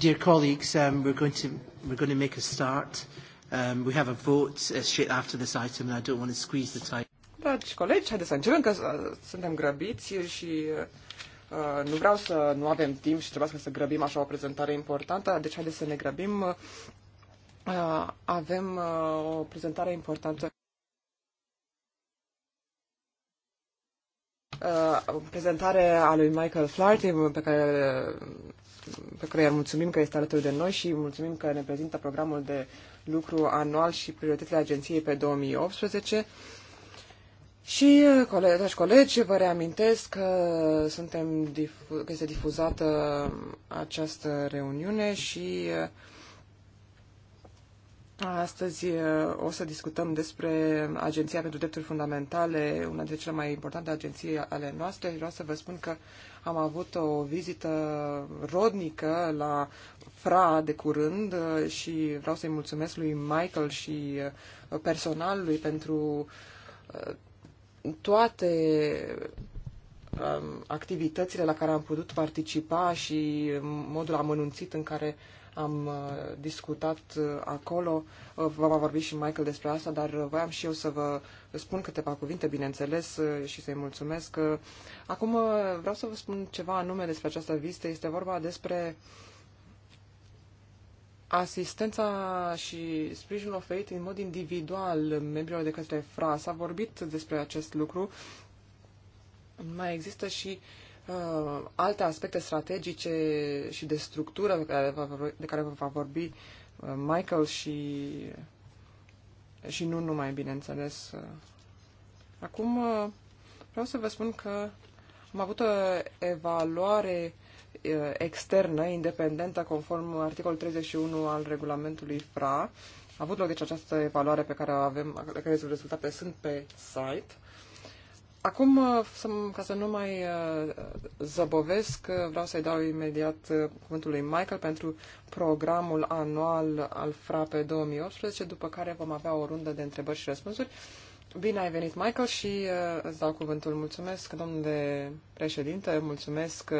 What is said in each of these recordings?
Dear colleagues, um, we're, going to, we're going to make a start. Um, we have a vote uh, straight after this item and I don't want to squeeze the time. Dragi colegi, haideți să începem că uh, suntem grăbiți și uh, uh nu vreau să nu avem timp și trebuie să grăbim așa o prezentare importantă, deci haideți să ne grăbim. Uh, avem uh, o prezentare importantă. Uh, prezentare a lui Michael Flaherty pe care pe care îi mulțumim că este alături de noi și mulțumim că ne prezintă programul de lucru anual și prioritățile agenției pe 2018. Și, colegi, dragi colegi, vă reamintesc că, suntem difu- că este difuzată această reuniune și uh, astăzi uh, o să discutăm despre Agenția pentru Drepturi Fundamentale, una dintre cele mai importante agenții ale noastre. Vreau să vă spun că am avut o vizită rodnică la Fra de curând uh, și vreau să-i mulțumesc lui Michael și uh, personalului pentru uh, toate um, activitățile la care am putut participa și modul amănunțit în care am discutat acolo. Va vorbi și Michael despre asta, dar voiam și eu să vă spun câteva cuvinte, bineînțeles, și să-i mulțumesc. Acum uh, vreau să vă spun ceva anume despre această vizită. Este vorba despre asistența și sprijinul oferit în mod individual membrilor de către FRA. S-a vorbit despre acest lucru. Mai există și uh, alte aspecte strategice și de structură de care va vorbi uh, Michael și și nu numai, bineînțeles. Acum uh, vreau să vă spun că am avut o evaluare uh, externă, independentă, conform articolul 31 al regulamentului FRA. A avut loc deci această evaluare pe care o avem, care rezultate sunt pe site Acum, uh, ca să nu mai uh, zăbovesc, uh, vreau să-i dau imediat cuvântul lui Michael pentru programul anual al FRAPE 2018, după care vom avea o rundă de întrebări și răspunsuri. Bine ai venit, Michael, și îți dau cuvântul. Mulțumesc, domnule președinte, mulțumesc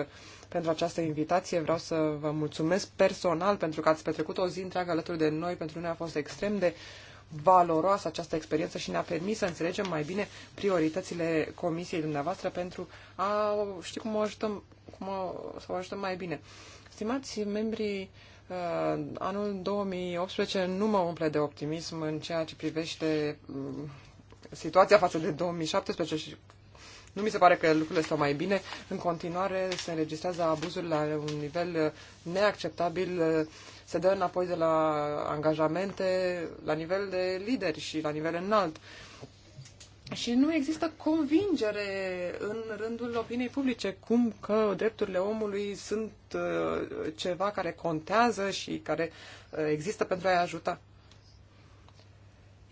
pentru această invitație. Vreau să vă mulțumesc personal pentru că ați petrecut o zi întreagă alături de noi. Pentru noi a fost extrem de uh, valoroasă această experiență și ne-a permis să înțelegem mai bine prioritățile comisiei dumneavoastră pentru a ști cum o ajutăm, cum o, să o ajutăm mai bine. Stimați membrii uh, anul 2018 nu mă umple de optimism în ceea ce privește mm, situația față de 2017 și nu mi se pare că lucrurile stau mai bine. În continuare se înregistrează abuzuri la un nivel uh, neacceptabil uh, se dă înapoi de la angajamente la nivel de lideri și la nivel înalt. Și nu există convingere în rândul opiniei publice cum că drepturile omului sunt uh, ceva care contează și care uh, există pentru a-i ajuta.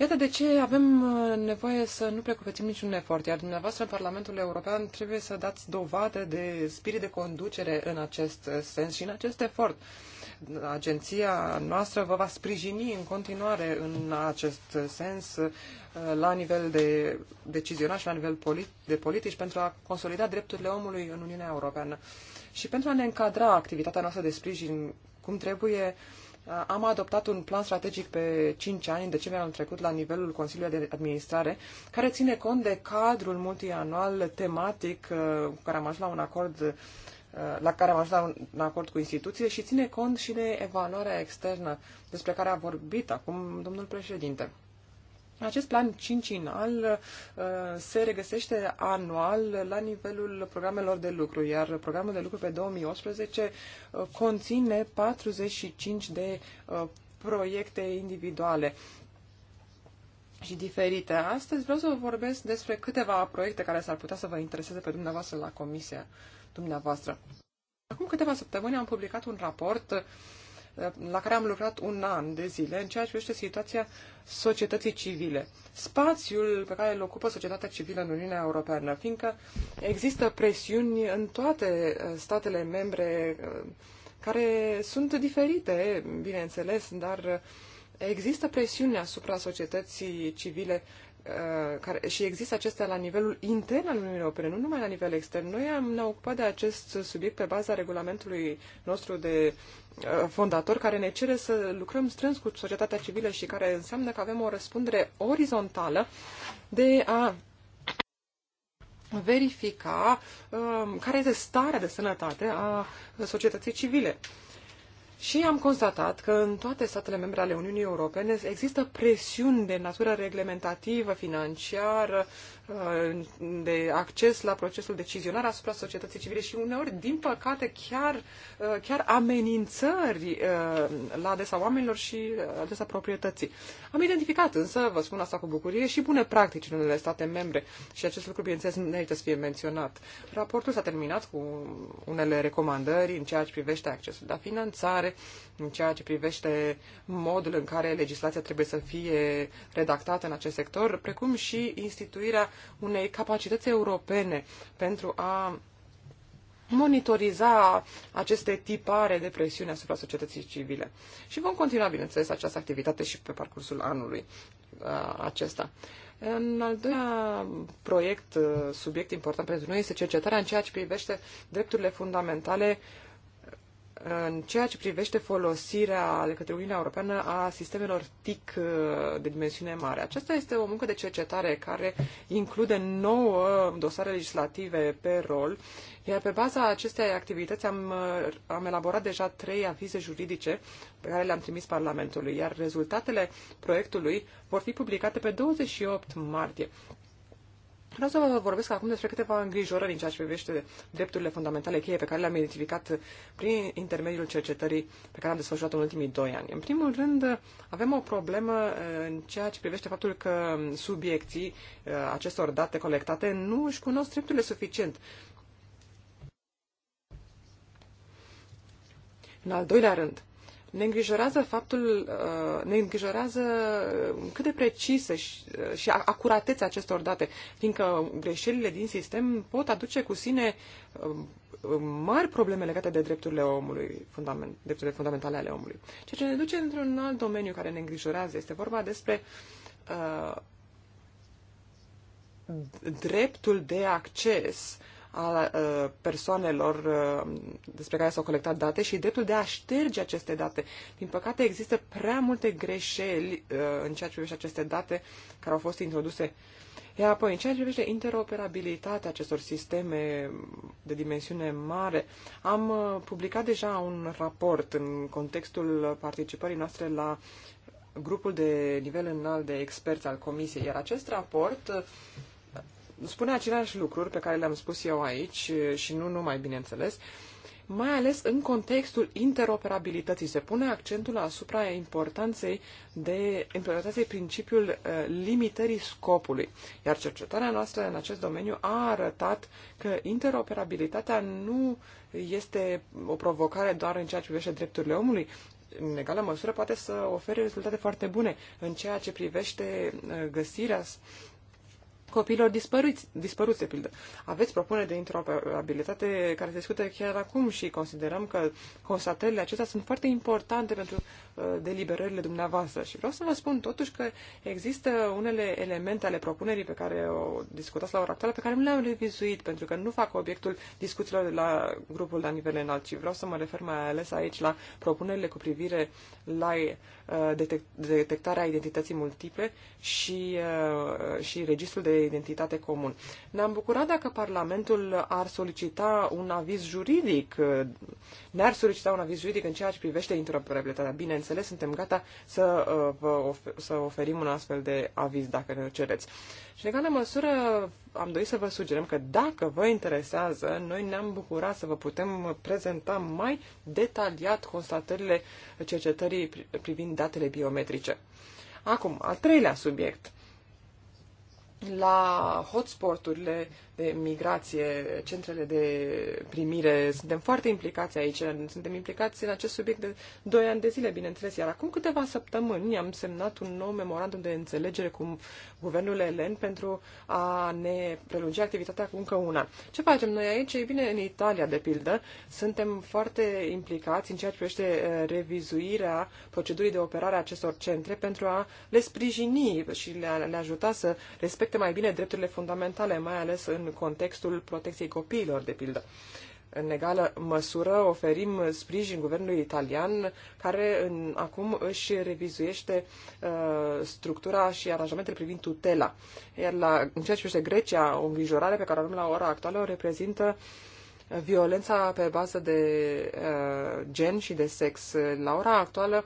Iată de ce avem uh, nevoie să nu precupețim niciun efort, iar dumneavoastră în Parlamentul European trebuie să dați dovadă de spirit de conducere în acest uh, sens și în acest efort. Agenția noastră vă va sprijini în continuare în acest uh, sens la nivel de decizional și la nivel de politici pentru a consolida drepturile omului în Uniunea Europeană. Și pentru a ne încadra activitatea noastră de sprijin cum trebuie uh, Uh, am adoptat un plan strategic pe 5 ani, în decembrie anul trecut, la nivelul Consiliului de Administrare, care ține cont de cadrul multianual tematic uh, cu care am ajuns la un acord uh, la care am ajuns la un acord cu instituție și ține cont și de evaluarea externă despre care a vorbit acum domnul președinte. Acest plan cincinal uh, se regăsește anual la nivelul programelor de lucru, iar programul de lucru pe 2018 uh, conține 45 de uh, proiecte individuale și diferite. Astăzi vreau să vă vorbesc despre câteva proiecte care s-ar putea să vă intereseze pe dumneavoastră la comisia dumneavoastră. Acum câteva săptămâni am publicat un raport la care am lucrat un an de zile în ceea ce privește situația societății civile, spațiul pe care îl ocupă societatea civilă în Uniunea Europeană, fiindcă există presiuni în toate uh, statele membre uh, care sunt diferite, bineînțeles, dar uh, există presiuni asupra societății civile Uh, care, și există acestea la nivelul intern al Uniunii Europene, nu numai la nivel extern. Noi am, ne ocupat de acest subiect pe baza regulamentului nostru de uh, fondator care ne cere să lucrăm strâns cu societatea civilă și care înseamnă că avem o răspundere orizontală de a verifica uh, care este starea de sănătate a societății civile. Și am constatat că în toate statele membre ale Uniunii Europene există presiuni de natură reglementativă, financiară, de acces la procesul decizionar asupra societății civile și uneori, din păcate, chiar, uh, chiar amenințări uh, la adresa oamenilor și uh, adresa proprietății. Am identificat însă, vă spun asta cu bucurie, și bune practici în unele state membre și acest lucru, bineînțeles, merită să fie menționat. Raportul s-a terminat cu unele recomandări în ceea ce privește accesul la finanțare, în ceea ce privește modul în care legislația trebuie să fie redactată în acest sector, precum și instituirea unei capacități europene pentru a monitoriza aceste tipare de presiune asupra societății civile. Și vom continua, bineînțeles, această activitate și pe parcursul anului uh, acesta. În al doilea proiect, uh, subiect important pentru noi, este cercetarea în ceea ce privește drepturile fundamentale uh, în ceea ce privește folosirea de către Uniunea Europeană a sistemelor TIC uh, de dimensiune mare. Aceasta este o muncă de cercetare care include nouă dosare legislative pe rol, iar pe baza acestei activități am, uh, am elaborat deja trei avize juridice pe care le-am trimis Parlamentului, iar rezultatele proiectului vor fi publicate pe 28 martie. Vreau să vă vorbesc acum despre câteva îngrijorări în ceea ce privește drepturile fundamentale cheie pe care le-am identificat prin intermediul cercetării pe care am desfășurat-o în ultimii doi ani. În primul rând, avem o problemă uh, în ceea ce privește faptul că subiecții uh, acestor date colectate nu își cunosc drepturile suficient. În al doilea rând, ne îngrijorează faptul, uh, ne îngrijorează cât de precisă și, uh, și acuratețea acestor date, fiindcă greșelile din sistem pot aduce cu sine uh, um, mari probleme legate de drepturile omului, fundament, drepturile fundamentale ale omului. Ceea ce ne duce într-un alt domeniu care ne îngrijorează este vorba despre uh, dreptul de acces uh, a uh, persoanelor uh, despre care s-au colectat date și dreptul de a șterge aceste date. Din păcate, există prea multe greșeli uh, în ceea ce privește aceste date care au fost introduse. Iar apoi, în ceea ce privește interoperabilitatea acestor sisteme de dimensiune mare, am publicat deja un raport în contextul participării noastre la grupul de nivel înalt de experți al Comisiei, iar acest raport spune aceleași lucruri pe care le-am spus eu aici și nu numai, bineînțeles, mai ales în contextul interoperabilității. Se pune accentul asupra importanței de implementației principiul uh, limitării scopului. Iar cercetarea noastră în acest domeniu a arătat că interoperabilitatea nu este o provocare doar în ceea ce privește drepturile omului, în egală măsură poate să ofere rezultate foarte bune în ceea ce privește uh, găsirea copiilor dispăruți, dispăruți, de pildă. Aveți propuneri de interoperabilitate care se discută chiar acum și considerăm că constatările acestea sunt foarte importante pentru uh, deliberările dumneavoastră. Și vreau să vă spun totuși că există unele elemente ale propunerii pe care o discutați la ora actuală, pe care nu le-am revizuit, pentru că nu fac obiectul discuțiilor de la grupul la nivel înalt, ci vreau să mă refer mai ales aici la propunerile cu privire la uh, detect detectarea identității multiple și, uh, și registrul de identitate comun. Ne-am bucurat dacă Parlamentul ar solicita un aviz juridic, ne-ar solicita un aviz juridic în ceea ce privește interoperabilitatea. Bineînțeles, suntem gata să, uh, vă să oferim un astfel de aviz dacă ne cereți. Și în egală măsură am dorit să vă sugerăm că dacă vă interesează, noi ne-am bucurat să vă putem prezenta mai detaliat constatările cercetării privind datele biometrice. Acum, al treilea subiect la hotspoturile de migrație, centrele de primire. Suntem foarte implicați aici, suntem implicați în acest subiect de 2 ani de zile, bineînțeles. Iar acum câteva săptămâni am semnat un nou memorandum de înțelegere cu guvernul elen pentru a ne prelungi activitatea cu încă un an. Ce facem noi aici? Ei bine, în Italia, de pildă, suntem foarte implicați în ceea ce privește uh, revizuirea procedurii de operare a acestor centre pentru a le sprijini și le, le ajuta să respecte mai bine drepturile fundamentale, mai ales în contextul protecției copiilor, de pildă. În egală măsură oferim sprijin guvernului italian, care în, acum își revizuiește uh, structura și aranjamentele privind tutela. Iar la, în ceea ce privește Grecia, o îngrijorare pe care o avem la ora actuală o reprezintă violența pe bază de uh, gen și de sex. La ora actuală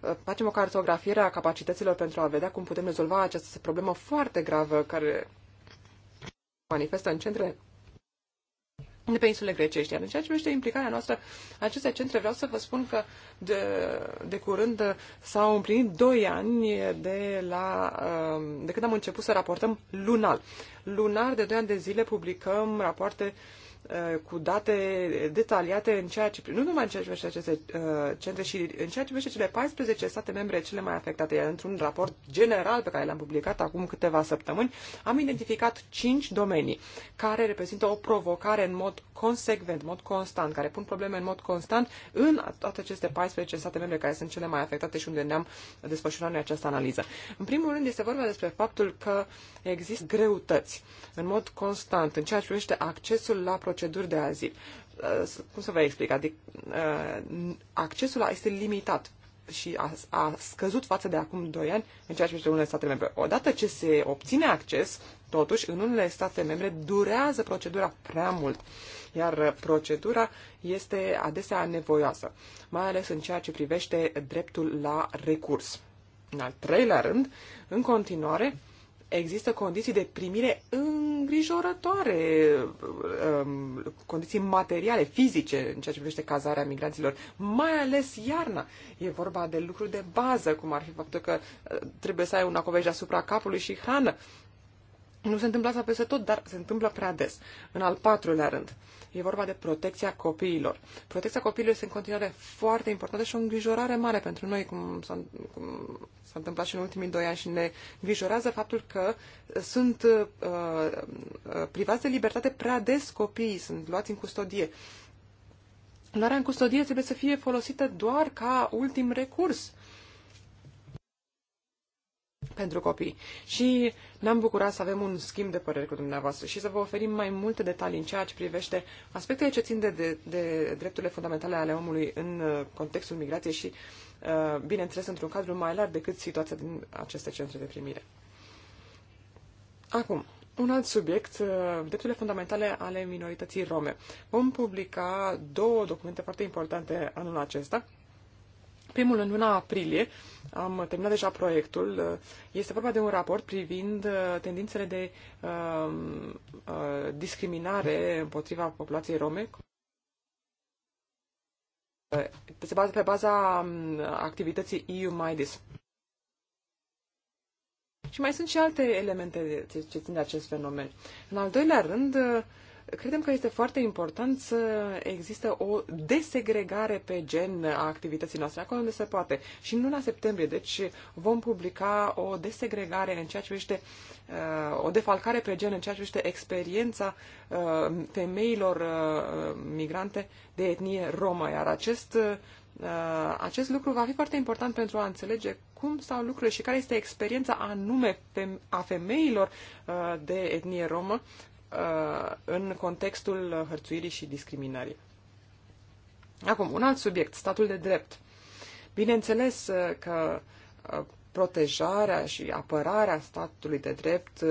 uh, facem o cartografiere a capacităților pentru a vedea cum putem rezolva această problemă foarte gravă care manifestă în centrele de pe insule grecești. Iar în ceea ce privește implicarea noastră aceste centre, vreau să vă spun că de, de curând s-au împlinit doi ani de, la, um, de când am început să raportăm lunar. Lunar, de doi ani de zile, publicăm rapoarte uh, Uh, cu date detaliate în ceea ce, nu numai în ceea ce privește aceste uh, centre, și în ceea ce privește cele 14 state membre cele mai afectate. Iar într-un raport general pe care l-am publicat acum câteva săptămâni, am identificat 5 domenii care reprezintă o provocare în mod consecvent, în mod constant, care pun probleme în mod constant în toate aceste 14 state membre care sunt cele mai afectate și unde ne-am desfășurat noi această analiză. În primul rând este vorba despre faptul că există greutăți în mod constant în ceea ce privește accesul la protecție proceduri de azil. Uh, cum să vă explic? Adică accesul este limitat și a, a scăzut față de acum 2 ani în ceea ce privește unele state membre. Odată ce se obține acces, totuși, în unele state membre durează procedura prea mult, iar procedura este adesea nevoioasă, mai ales în ceea ce privește dreptul la recurs. În al treilea rând, în continuare, există condiții de primire îngrijorătoare, um, condiții materiale, fizice, în ceea ce privește cazarea migranților, mai ales iarna. E vorba de lucruri de bază, cum ar fi faptul că uh, trebuie să ai un acoperiș deasupra capului și hrană. Nu se întâmplă asta peste tot, dar se întâmplă prea des. În al patrulea rând, E vorba de protecția copiilor. Protecția copiilor este în continuare foarte importantă și o îngrijorare mare pentru noi, cum s-a, cum s-a întâmplat și în ultimii doi ani și ne îngrijorează faptul că sunt uh, uh privați de libertate prea des copiii, sunt luați în custodie. Luarea în custodie trebuie să fie folosită doar ca ultim recurs pentru copii. Și ne-am bucurat să avem un schimb de păreri cu dumneavoastră și să vă oferim mai multe detalii în ceea ce privește aspectele ce țin de, de, de drepturile fundamentale ale omului în uh, contextul migrației și, uh, bineînțeles, într-un cadru mai larg decât situația din aceste centre de primire. Acum, un alt subiect, uh, drepturile fundamentale ale minorității rome. Vom publica două documente foarte importante anul acesta Primul în luna aprilie am terminat deja proiectul. Uh, este vorba de un raport privind uh, tendințele de uh, uh, discriminare împotriva populației rome. Uh, se bază pe baza um, activității EU MIDIS. Și mai sunt și alte elemente ce țin de acest fenomen. În al doilea rând, Credem că este foarte important să există o desegregare pe gen a activității noastre, acolo unde se poate. Și în luna septembrie, deci, vom publica o desegregare în ceea ce este uh, o defalcare pe gen în ceea ce este experiența uh, femeilor uh, migrante de etnie romă, iar acest acest lucru va fi foarte important pentru a înțelege cum stau lucrurile și care este experiența anume a femeilor de etnie romă Uh, în contextul hărțuirii și discriminării. Acum, un alt subiect, statul de drept. Bineînțeles uh, că uh, protejarea și apărarea statului de drept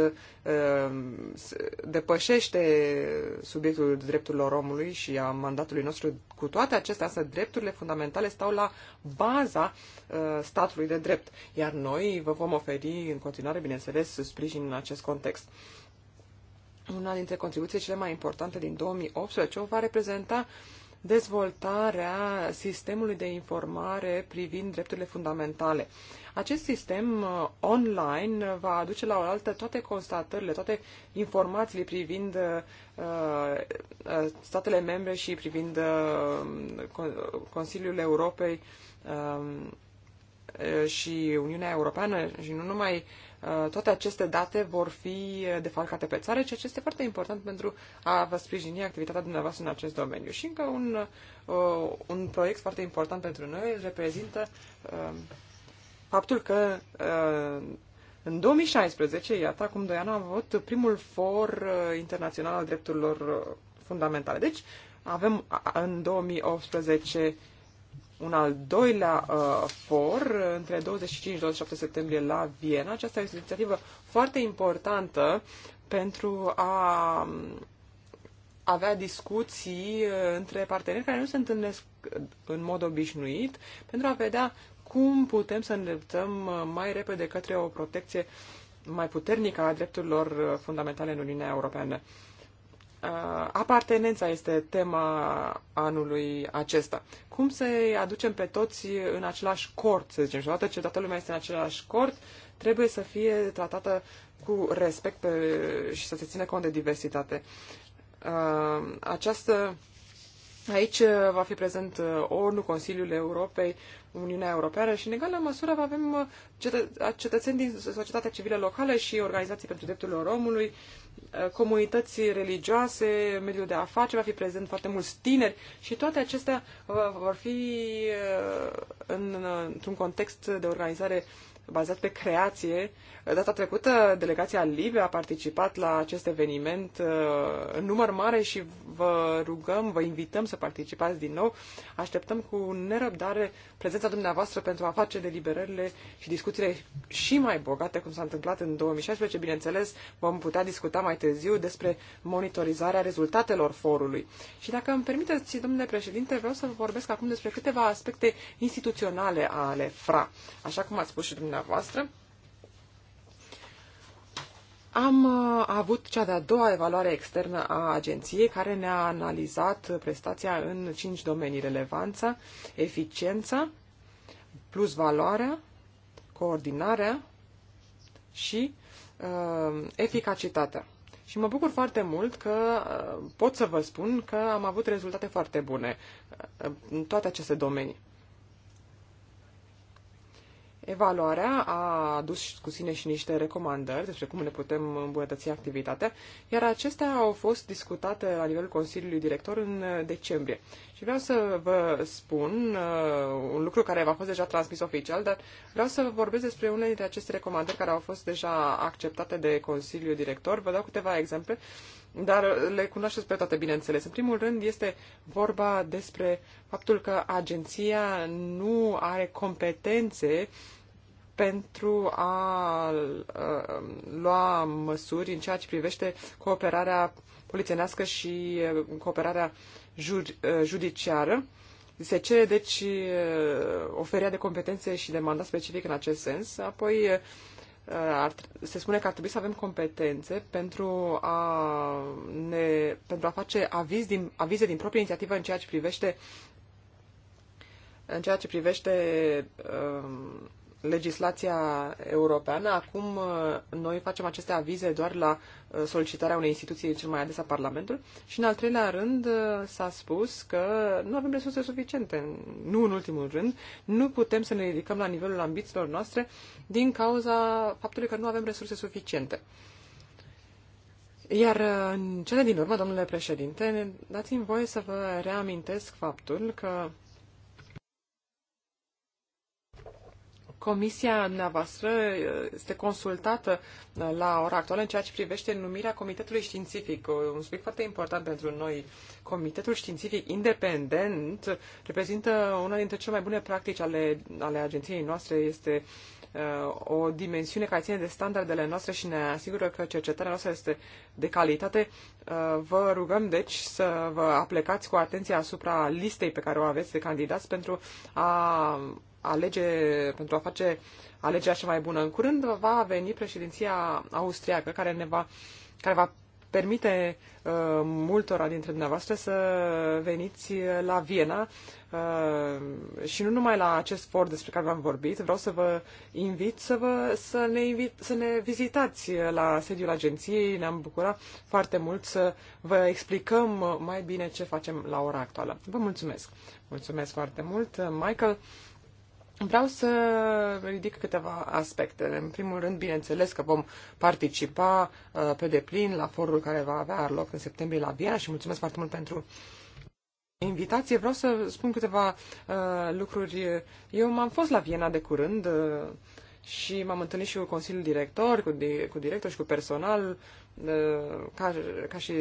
depășește subiectul drepturilor omului și a mandatului nostru. Cu toate acestea, însă, drepturile fundamentale stau la baza statului de drept, iar noi vă vom oferi în continuare, bineînțeles, sprijin în acest context. Una dintre contribuțiile cele mai importante din 2018 o va reprezenta dezvoltarea sistemului de informare privind drepturile fundamentale. Acest sistem uh, online va aduce la oaltă toate constatările, toate informațiile privind uh, uh statele membre și privind uh, Consiliul Europei, uh, Uh, și Uniunea Europeană și nu numai uh, toate aceste date vor fi uh, defalcate pe țară, ceea ce este foarte important pentru a vă sprijini activitatea dumneavoastră în acest domeniu. Și încă un, un proiect foarte important pentru noi reprezintă faptul că în 2016, iată, acum doi ani, am avut primul for internațional al drepturilor fundamentale. Deci, avem în 2018 un al doilea uh, for între 25-27 septembrie la Viena. Aceasta este o inițiativă foarte importantă pentru a avea discuții uh, între parteneri care nu se întâlnesc în mod obișnuit pentru a vedea cum putem să îndreptăm uh, mai repede către o protecție mai puternică a drepturilor uh, fundamentale în Uniunea Europeană. Uh, apartenența este tema anului acesta. Cum să aducem pe toți în același cort, să zicem, și odată ce toată lumea este în același cort, trebuie să fie tratată cu respect pe, și să se ține cont de diversitate. Uh, această Aici va fi prezent uh, ONU, Consiliul Europei, Uniunea Europeană și, în egală măsură, avem cetă cetățeni din societatea civilă locală și organizații pentru drepturile omului, Uh, comunități religioase, mediul de afaceri, va fi prezent foarte mulți tineri și toate acestea uh, vor fi uh, în, într-un context de organizare bazat pe creație, Data trecută, delegația Libe a participat la acest eveniment uh, în număr mare și vă rugăm, vă invităm să participați din nou. Așteptăm cu nerăbdare prezența dumneavoastră pentru a face deliberările și discuțiile și mai bogate, cum s-a întâmplat în 2016. Bineînțeles, vom putea discuta mai târziu despre monitorizarea rezultatelor forului. Și dacă îmi permiteți, domnule președinte, vreau să vorbesc acum despre câteva aspecte instituționale ale FRA. Așa cum ați spus și dumneavoastră, am uh, avut cea de-a doua evaluare externă a agenției care ne-a analizat prestația în cinci domenii, relevanța, eficiența, plus valoarea, coordinarea și uh, eficacitatea. Și mă bucur foarte mult că uh, pot să vă spun că am avut rezultate foarte bune uh, în toate aceste domenii. Evaluarea a adus cu sine și niște recomandări despre cum ne putem îmbunătăți activitatea, iar acestea au fost discutate la nivelul Consiliului Director în uh, decembrie. Și vreau să vă spun uh, un lucru care v-a fost deja transmis oficial, dar vreau să vorbesc despre unele dintre aceste recomandări care au fost deja acceptate de Consiliul Director. Vă dau câteva exemple dar le cunoașteți pe toate, bineînțeles. În primul rând este vorba despre faptul că agenția nu are competențe pentru a lua măsuri în ceea ce privește cooperarea polițienească și cooperarea judiciară. Se cere, deci, oferea de competențe și de mandat specific în acest sens. Apoi, ar, se spune că ar trebui să avem competențe pentru a, ne, pentru a face aviz din, avize din proprie inițiativă în ceea ce privește în ceea ce privește um, legislația europeană, acum uh, noi facem aceste avize doar la uh, solicitarea unei instituții, cel mai adesea Parlamentul, și în al treilea rând uh, s-a spus că nu avem resurse suficiente, nu în ultimul rând, nu putem să ne ridicăm la nivelul ambițiilor noastre din cauza faptului că nu avem resurse suficiente. Iar în cele din urmă, domnule președinte, dați-mi voie să vă reamintesc faptul că Comisia dumneavoastră uh, este consultată uh, la ora actuală în ceea ce privește numirea Comitetului Științific, uh, un subiect foarte important pentru noi. Comitetul Științific Independent reprezintă una dintre cele mai bune practici ale, ale agenției noastre. Este o dimensiune care ține de standardele noastre și ne asigură că cercetarea noastră este de calitate. vă rugăm, deci, să vă aplecați cu atenție asupra listei pe care o aveți de candidați pentru a alege, pentru a face alegerea cea mai bună. În curând va veni președinția austriacă care ne va, care va permite uh, multora dintre dumneavoastră să veniți la Viena uh, și nu numai la acest for despre care v-am vorbit, vreau să vă invit să, vă, să, ne invit, să ne vizitați la sediul agenției, ne-am bucurat foarte mult să vă explicăm mai bine ce facem la ora actuală. Vă mulțumesc! Mulțumesc foarte mult, uh, Michael! Vreau să ridic câteva aspecte. În primul rând, bineînțeles că vom participa uh, pe deplin la forul care va avea loc în septembrie la Viena și mulțumesc foarte mult pentru invitație. Vreau să spun câteva uh, lucruri. Eu m-am fost la Viena de curând uh, și m-am întâlnit și cu Consiliul Director, cu, di- cu director și cu personal Uh, ca, ca și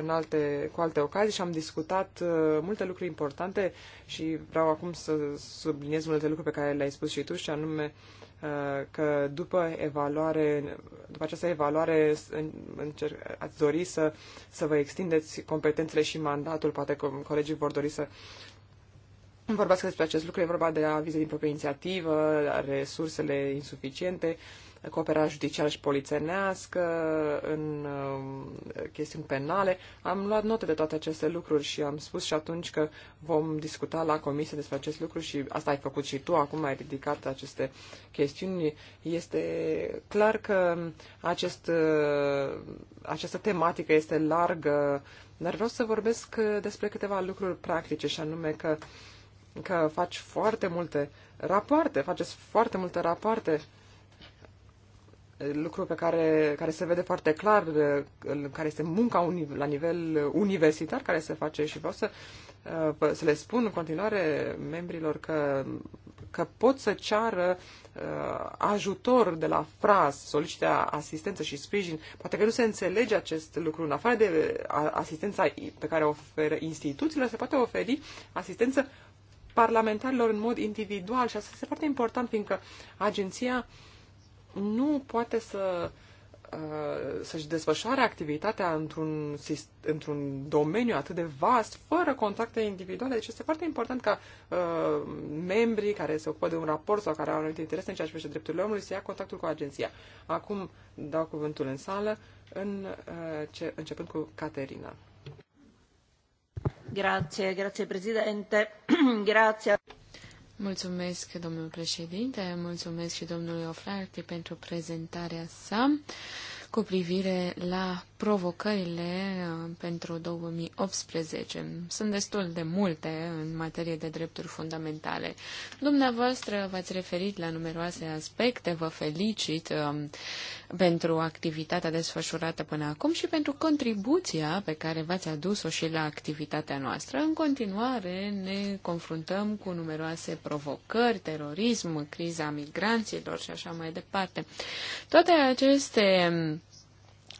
în alte, cu alte ocazii și am discutat uh, multe lucruri importante și vreau acum să subliniez multe lucruri pe care le-ai spus și tu și anume uh, că după evaluare, după această evaluare încerc, ați dori să, să vă extindeți competențele și mandatul, poate colegii vor dori să vorbească despre acest lucru, e vorba de avize din proprie inițiativă, resursele insuficiente, uh, cooperarea judiciară și polițenească, în uh, chestiuni penale. Am luat note de toate aceste lucruri și am spus și atunci că vom discuta la comisie despre acest lucru și asta ai făcut și tu, acum ai ridicat aceste chestiuni. Este clar că acest, uh, această tematică este largă, dar vreau să vorbesc despre câteva lucruri practice și anume că că faci foarte multe rapoarte, faceți foarte multe rapoarte lucru pe care, care se vede foarte clar, care este munca uni, la nivel universitar care se face și vreau să, uh, să le spun în continuare membrilor că, că pot să ceară uh, ajutor de la FRAS, solicite asistență și sprijin. Poate că nu se înțelege acest lucru. În afară de asistența pe care o oferă instituțiile, se poate oferi asistență parlamentarilor în mod individual și asta este foarte important, fiindcă agenția uh, nu poate să uh, să-și desfășoare activitatea într-un, într-un domeniu atât de vast, fără contacte individuale. Deci este foarte important ca uh, membrii care se ocupă de un raport sau care au anumite interese în ceea ce privește drepturile omului să ia contactul cu agenția. Acum dau cuvântul în sală, în, uh, ce, începând cu Caterina. Grazie, grazie Presidente. grazie. Mulțumesc, domnul președinte, mulțumesc și domnului Oflarti pentru prezentarea sa cu privire la provocările uh, pentru 2018. Sunt destul de multe în materie de drepturi fundamentale. Dumneavoastră v-ați referit la numeroase aspecte, vă felicit um, pentru activitatea desfășurată până acum și pentru contribuția pe care v-ați adus-o și la activitatea noastră. În continuare ne confruntăm cu numeroase provocări, terorism, criza migranților și așa mai departe. Toate aceste um,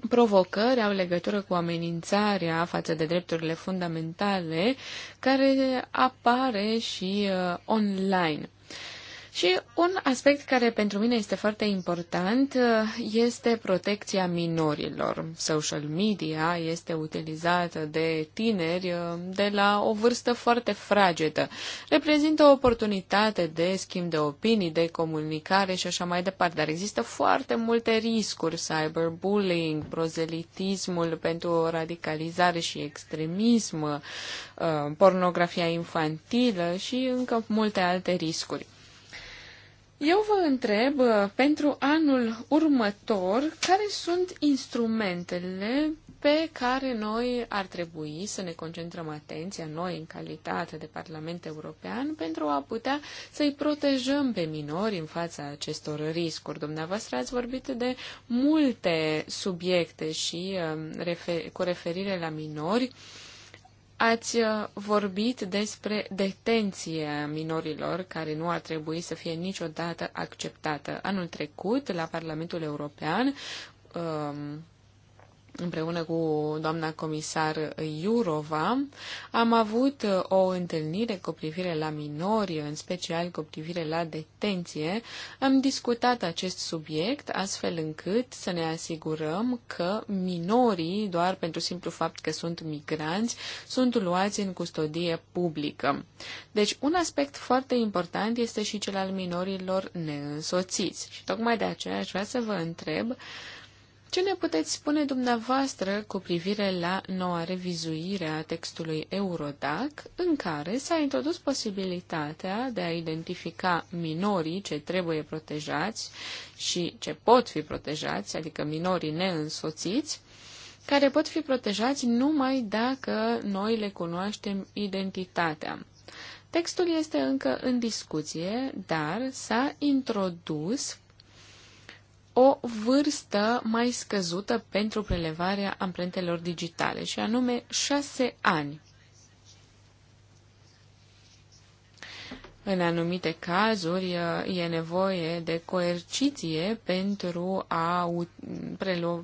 provocări au legătură cu amenințarea față de drepturile fundamentale care apare și uh, online. Și un aspect care pentru mine este foarte important uh, este protecția minorilor. Social media este utilizată de tineri uh, de la o vârstă foarte fragedă. Reprezintă o oportunitate de schimb de opinii, de comunicare și așa mai departe, dar există foarte multe riscuri, cyberbullying, prozelitismul pentru radicalizare și extremism, uh, pornografia infantilă și încă multe alte riscuri. Eu vă întreb uh, pentru anul următor care sunt instrumentele pe care noi ar trebui să ne concentrăm atenția, noi în calitate de Parlament European, pentru a putea să-i protejăm pe minori în fața acestor riscuri. Dumneavoastră ați vorbit de multe subiecte și uh, cu referire la minori Ați uh, vorbit despre detenție minorilor, care nu ar trebui să fie niciodată acceptată. Anul trecut, la Parlamentul European, um, împreună cu doamna comisar Iurova, am avut uh, o întâlnire cu privire la minori, în special cu privire la detenție. Am discutat acest subiect astfel încât să ne asigurăm că minorii, doar pentru simplu fapt că sunt migranți, sunt luați în custodie publică. Deci, un aspect foarte important este și cel al minorilor neînsoțiți. Și tocmai de aceea aș vrea să vă întreb uh, ce ne puteți spune dumneavoastră cu privire la noua revizuire a textului Eurodac, în care s-a introdus posibilitatea de a identifica minorii ce trebuie protejați și ce pot fi protejați, adică minorii neînsoțiți, care pot fi protejați numai dacă noi le cunoaștem identitatea. Textul este încă în discuție, dar s-a introdus o vârstă mai scăzută pentru prelevarea amprentelor digitale, și anume 6 ani. În anumite cazuri uh, e nevoie de coerciție pentru a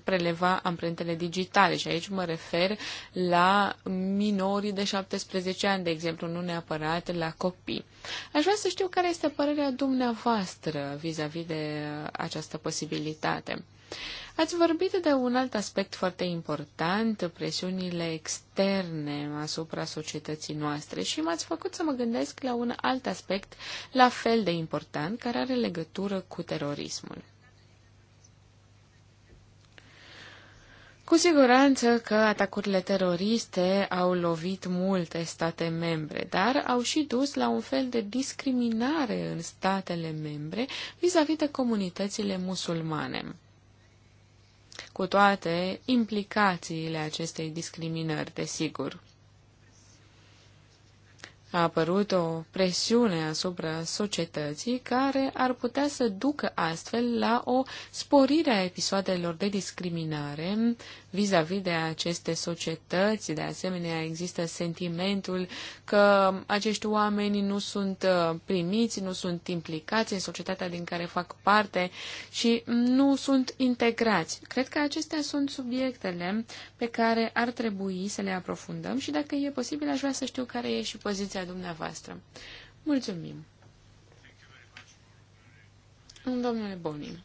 preleva amprentele digitale și aici mă refer la minorii de 17 ani, de exemplu, nu neapărat la copii. Aș vrea să știu care este părerea dumneavoastră vis-a-vis -vis de uh, această posibilitate. Ați vorbit de un alt aspect foarte important, presiunile externe asupra societății noastre și m-ați făcut să mă gândesc la un alt aspect la fel de important care are legătură cu terorismul. Cu siguranță că atacurile teroriste au lovit multe state membre, dar au și dus la un fel de discriminare în statele membre vis-a-vis -vis de comunitățile musulmane cu toate implicațiile acestei discriminări, desigur. A apărut o presiune asupra societății care ar putea să ducă astfel la o sporire a episoadelor de discriminare vis-a-vis -vis de aceste societăți. De asemenea, există sentimentul că acești oameni nu sunt uh, primiți, nu sunt implicați în societatea din care fac parte și nu sunt integrați. Cred că acestea sunt subiectele pe care ar trebui să le aprofundăm și dacă e posibil aș vrea să știu care e și poziția dumneavoastră. Mulțumim! Domnule Boni.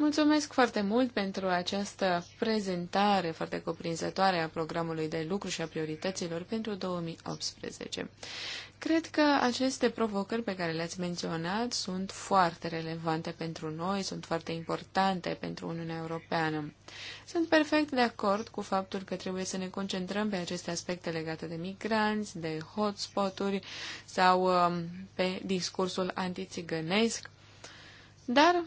Mulțumesc foarte mult pentru această prezentare foarte cuprinzătoare a programului de lucru și a priorităților pentru 2018. Cred că aceste provocări pe care le-ați menționat sunt foarte relevante pentru noi, sunt foarte importante pentru Uniunea Europeană. Sunt perfect de acord cu faptul că trebuie să ne concentrăm pe aceste aspecte legate de migranți, de hotspoturi sau um, pe discursul antițigănesc, dar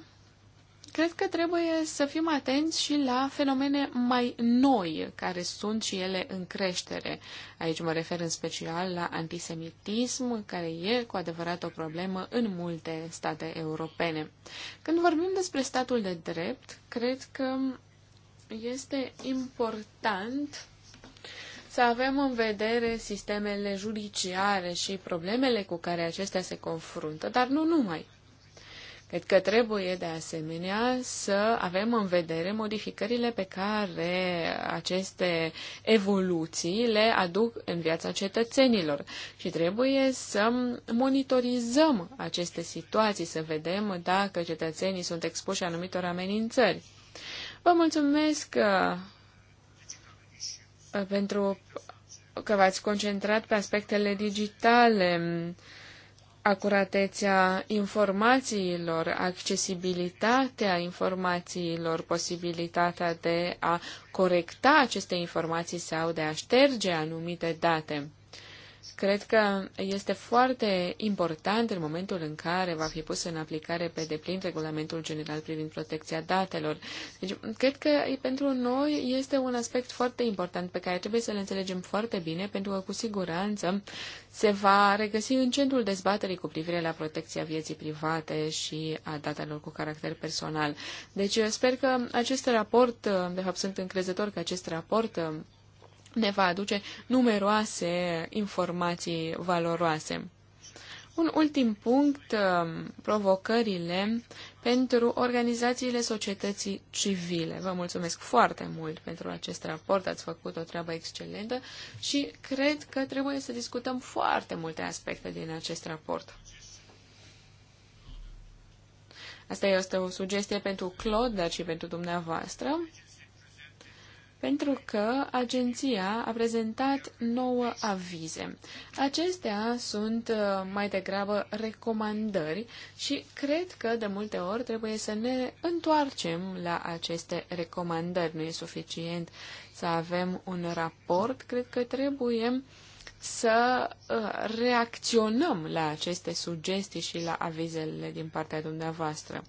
Cred că trebuie să fim atenți și la fenomene mai noi, care sunt și ele în creștere. Aici mă refer în special la antisemitism, care e cu adevărat o problemă în multe state europene. Când vorbim despre statul de drept, cred că este important să avem în vedere sistemele judiciare și problemele cu care acestea se confruntă, dar nu numai. Cred că trebuie de asemenea să avem în vedere modificările pe care aceste evoluții le aduc în viața cetățenilor și trebuie să monitorizăm aceste situații, să vedem dacă cetățenii sunt expuși anumitor amenințări. Vă mulțumesc uh, pentru că v-ați concentrat pe aspectele digitale acuratețea informațiilor, accesibilitatea informațiilor, posibilitatea de a corecta aceste informații sau de a șterge anumite date. Cred că este foarte important în momentul în care va fi pus în aplicare pe deplin regulamentul general privind protecția datelor. Deci, cred că pentru noi este un aspect foarte important pe care trebuie să-l înțelegem foarte bine, pentru că cu siguranță se va regăsi în centrul dezbaterii cu privire la protecția vieții private și a datelor cu caracter personal. Deci, sper că acest raport, de fapt sunt încrezător că acest raport ne va aduce numeroase informații valoroase. Un ultim punct, uh, provocările pentru organizațiile societății civile. Vă mulțumesc foarte mult pentru acest raport, ați făcut o treabă excelentă și cred că trebuie să discutăm foarte multe aspecte din acest raport. Asta este o sugestie pentru Claude, dar și pentru dumneavoastră pentru că agenția a prezentat nouă avize. Acestea sunt uh, mai degrabă recomandări și cred că de multe ori trebuie să ne întoarcem la aceste recomandări. Nu e suficient să avem un raport, cred că trebuie să uh, reacționăm la aceste sugestii și la avizele din partea dumneavoastră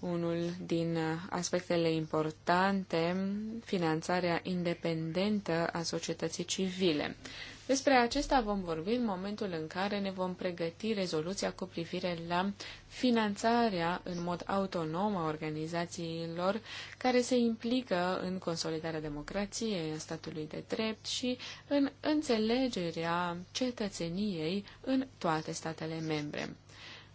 unul din aspectele importante, finanțarea independentă a societății civile. Despre acesta vom vorbi în momentul în care ne vom pregăti rezoluția cu privire la finanțarea în mod autonom a organizațiilor care se implică în consolidarea democrației, a statului de drept și în înțelegerea cetățeniei în toate statele membre.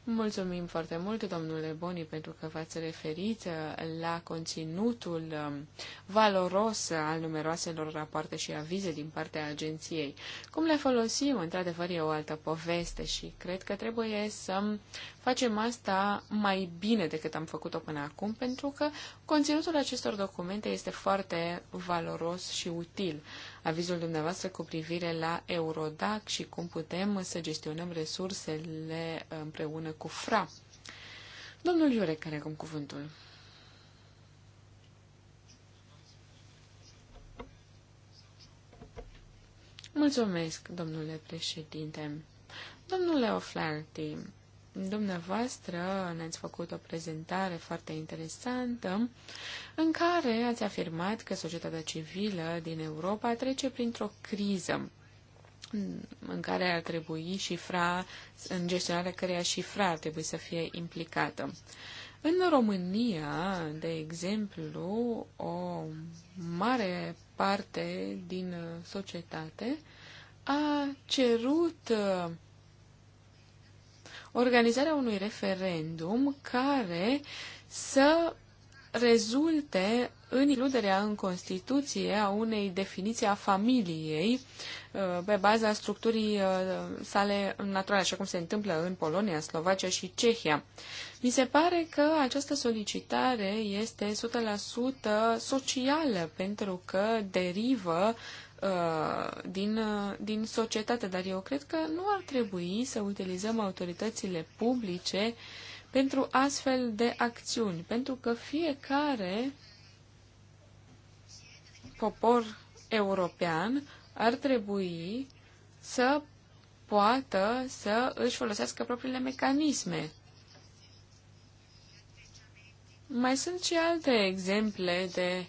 Mulțumim foarte mult, domnule Boni, pentru că v-ați referit uh, la conținutul um, valoros al numeroaselor rapoarte și avize din partea agenției. Cum le folosim, într-adevăr, e o altă poveste și cred că trebuie să Facem asta mai bine decât am făcut-o până acum, pentru că conținutul acestor documente este foarte valoros și util. Avizul dumneavoastră cu privire la Eurodac și cum putem să gestionăm resursele împreună cu FRA. Domnul Iurec, care acum cuvântul. Mulțumesc, domnule președinte. Domnule O'Flaherty, Dumneavoastră ne-ați făcut o prezentare foarte interesantă în care ați afirmat că societatea civilă din Europa trece printr-o criză în care ar trebui și FRA, în gestionarea căreia și FRA ar trebui să fie implicată. În România, de exemplu, o mare parte din societate a cerut uh, organizarea unui referendum care să rezulte în includerea în Constituție a unei definiții a familiei uh, pe baza structurii uh, sale naturale, așa cum se întâmplă în Polonia, Slovacia și Cehia. Mi se pare că această solicitare este 100% socială, pentru că derivă Uh, din, uh, din societate, dar eu cred că nu ar trebui să utilizăm autoritățile publice pentru astfel de acțiuni, pentru că fiecare popor european ar trebui să poată să își folosească propriile mecanisme. Mai sunt și alte exemple de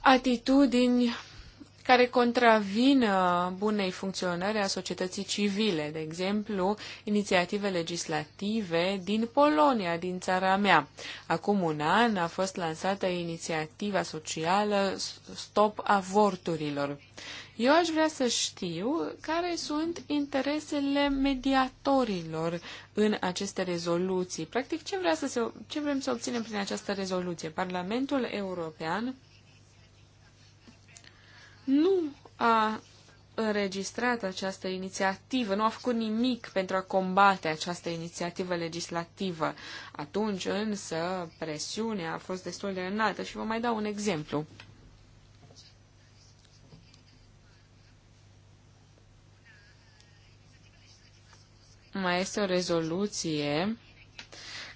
atitudini care contravin uh, bunei funcționări a societății civile, de exemplu, inițiative legislative din Polonia, din țara mea. Acum un an a fost lansată inițiativa socială Stop avorturilor. Eu aș vrea să știu care sunt interesele mediatorilor în aceste rezoluții. Practic, ce, vrea să se, ce vrem să obținem prin această rezoluție? Parlamentul European nu a înregistrat această inițiativă, nu a făcut nimic pentru a combate această inițiativă legislativă. Atunci însă presiunea a fost destul de înaltă și vă mai dau un exemplu. Mai este o rezoluție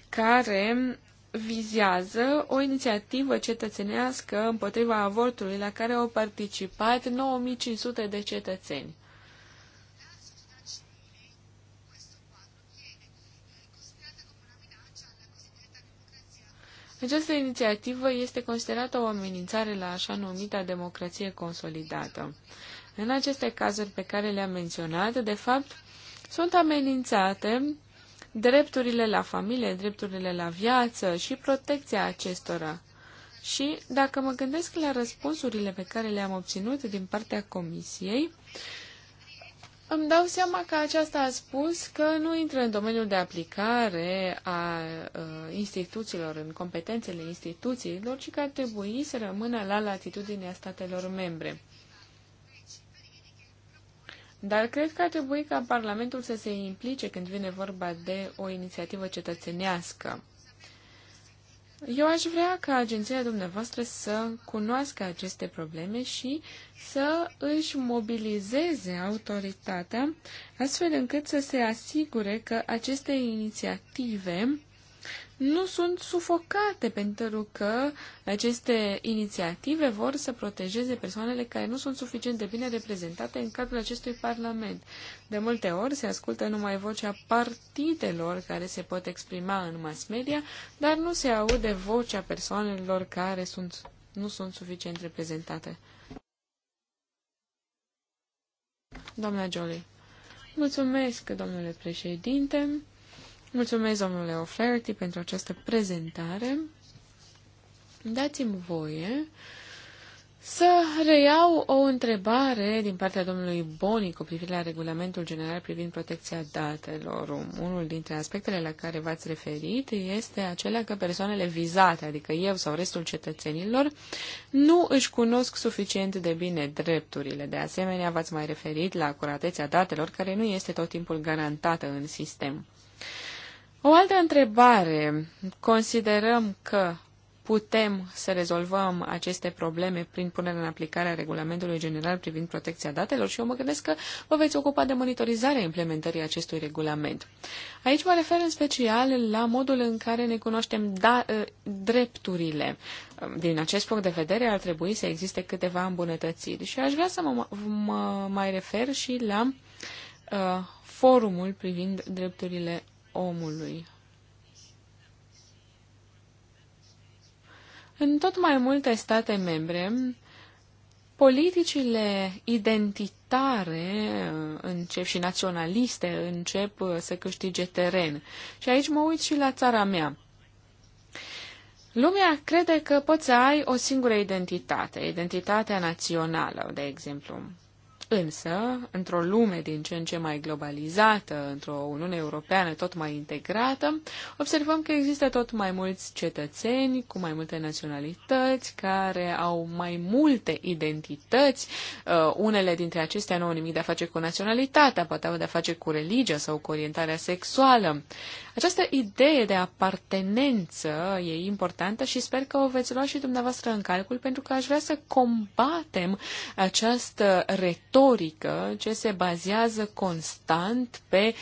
care vizează o inițiativă cetățenească împotriva avortului la care au participat 9500 de cetățeni. Această inițiativă este considerată o amenințare la așa numita democrație consolidată. În aceste cazuri pe care le-am menționat, de fapt, sunt amenințate drepturile la familie, drepturile la viață și protecția acestora. Și dacă mă gândesc la răspunsurile pe care le-am obținut din partea comisiei, îmi dau seama că aceasta a spus că nu intră în domeniul de aplicare a uh, instituțiilor, în competențele instituțiilor, ci că ar trebui să rămână la latitudinea statelor membre. Dar cred că ar trebui ca Parlamentul să se implice când vine vorba de o inițiativă cetățenească. Eu aș vrea ca agenția dumneavoastră să cunoască aceste probleme și să își mobilizeze autoritatea astfel încât să se asigure că aceste inițiative nu sunt sufocate pentru că aceste inițiative vor să protejeze persoanele care nu sunt suficient de bine reprezentate în cadrul acestui Parlament. De multe ori se ascultă numai vocea partidelor care se pot exprima în mass media, dar nu se aude vocea persoanelor care sunt, nu sunt suficient reprezentate. Doamna Jolie. Mulțumesc, domnule președinte. Mulțumesc, domnule O'Flaherty, pentru această prezentare. Dați-mi voie să reiau o întrebare din partea domnului Boni cu privire la regulamentul general privind protecția datelor. Unul dintre aspectele la care v-ați referit este acela că persoanele vizate, adică eu sau restul cetățenilor, nu își cunosc suficient de bine drepturile. De asemenea, v-ați mai referit la acuratețea datelor, care nu este tot timpul garantată în sistem. O altă întrebare. Considerăm că putem să rezolvăm aceste probleme prin punerea în aplicare a regulamentului general privind protecția datelor și eu mă gândesc că vă veți ocupa de monitorizarea implementării acestui regulament. Aici mă refer în special la modul în care ne cunoaștem da, ă, drepturile. Din acest punct de vedere ar trebui să existe câteva îmbunătățiri și aș vrea să mă, mă mai refer și la uh, forumul privind drepturile omului. În tot mai multe state membre, politicile identitare uh, încep și naționaliste încep uh, să câștige teren. Și aici mă uit și la țara mea. Lumea crede că poți să ai o singură identitate, identitatea națională, de exemplu. Însă, într-o lume din ce în ce mai globalizată, într-o Uniune Europeană tot mai integrată, observăm că există tot mai mulți cetățeni cu mai multe naționalități, care au mai multe identități. Uh, unele dintre acestea nu au nimic de a face cu naționalitatea, poate au de a face cu religia sau cu orientarea sexuală. Această idee de apartenență e importantă și sper că o veți lua și dumneavoastră în calcul, pentru că aș vrea să combatem această retorică retorică ce se bazează constant pe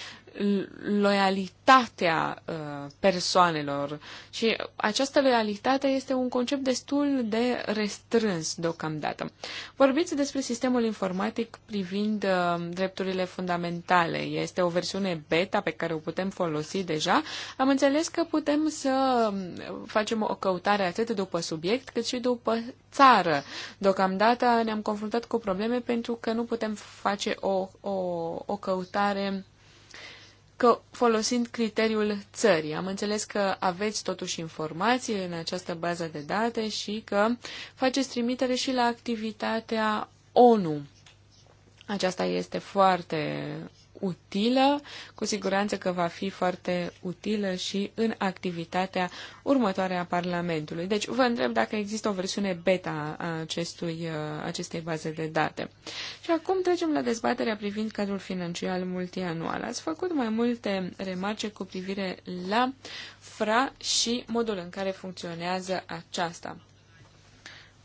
loialitatea uh, persoanelor și această loialitate este un concept destul de restrâns deocamdată. Vorbiți despre sistemul informatic privind uh, drepturile fundamentale. Este o versiune beta pe care o putem folosi deja. Am înțeles că putem să um, facem o căutare atât după subiect cât și după țară. Deocamdată ne-am confruntat cu probleme pentru că nu putem face o, o, o căutare că folosind criteriul țării. Am înțeles că aveți totuși informații în această bază de date și că faceți trimitere și la activitatea ONU. Aceasta este foarte utilă, cu siguranță că va fi foarte utilă și în activitatea următoare a Parlamentului. Deci vă întreb dacă există o versiune beta a acestui, acestei baze de date. Și acum trecem la dezbaterea privind cadrul financiar multianual. Ați făcut mai multe remarce cu privire la FRA și modul în care funcționează aceasta.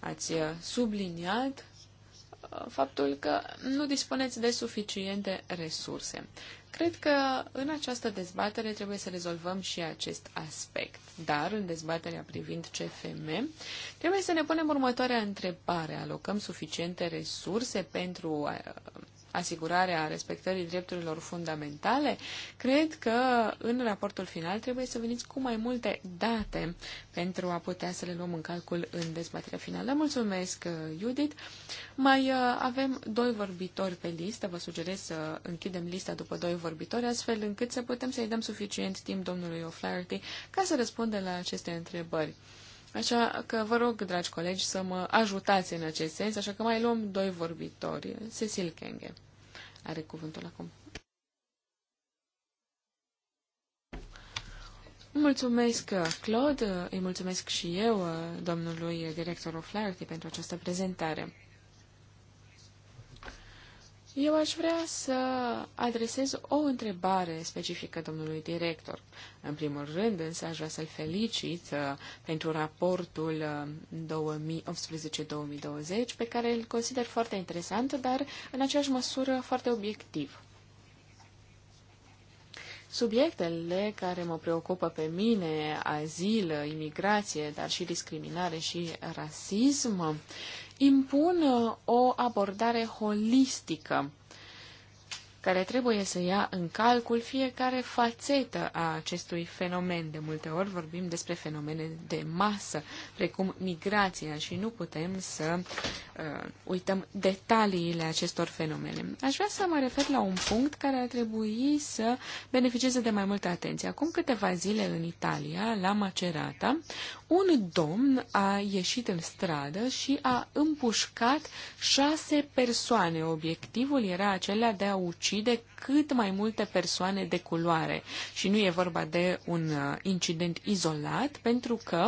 Ați subliniat faptul că nu dispuneți de suficiente resurse. Cred că în această dezbatere trebuie să rezolvăm și acest aspect. Dar, în dezbaterea privind CFM, trebuie să ne punem următoarea întrebare. Alocăm suficiente resurse pentru uh, asigurarea respectării drepturilor fundamentale, cred că în raportul final trebuie să veniți cu mai multe date pentru a putea să le luăm în calcul în dezbaterea finală. Mulțumesc, uh, Judith. Mai uh, avem doi vorbitori pe listă. Vă sugerez să închidem lista după doi vorbitori, astfel încât să putem să-i dăm suficient timp domnului O'Flaherty ca să răspundă la aceste întrebări. Așa că vă rog, dragi colegi, să mă ajutați în acest sens, așa că mai luăm doi vorbitori. Cecil Kenge are cuvântul acum. Mulțumesc, Claude, îi mulțumesc și eu, domnului director Flaherty, pentru această prezentare. Eu aș vrea să adresez o întrebare specifică domnului director. În primul rând, însă, aș vrea să-l felicit uh, pentru raportul 2018-2020, uh, pe care îl consider foarte interesant, dar în aceeași măsură foarte obiectiv. Subiectele care mă preocupă pe mine, azil, imigrație, dar și discriminare și rasism, impun uh, o abordare holistică care trebuie să ia în calcul fiecare fațetă a acestui fenomen. De multe ori vorbim despre fenomene de masă, precum migrația, și nu putem să uh, uităm detaliile acestor fenomene. Aș vrea să mă refer la un punct care ar trebui să beneficieze de mai multă atenție. Acum câteva zile în Italia, la Macerata, un domn a ieșit în stradă și a împușcat șase persoane. Obiectivul era acela de a ucide ucide cât mai multe persoane de culoare. Și nu e vorba de un uh, incident izolat, pentru că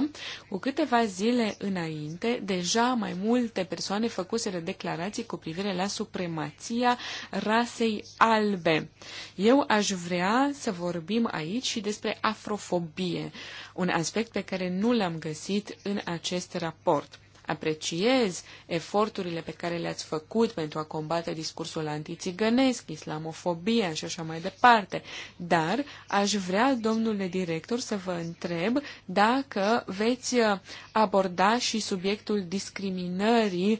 cu câteva zile înainte, deja mai multe persoane făcuseră declarații cu privire la supremația rasei albe. Eu aș vrea să vorbim aici și despre afrofobie, un aspect pe care nu l-am găsit în acest raport apreciez eforturile pe care le-ați făcut pentru a combate discursul antițigănesc, islamofobia și așa mai departe, dar aș vrea, domnule director, să vă întreb dacă veți aborda și subiectul discriminării uh,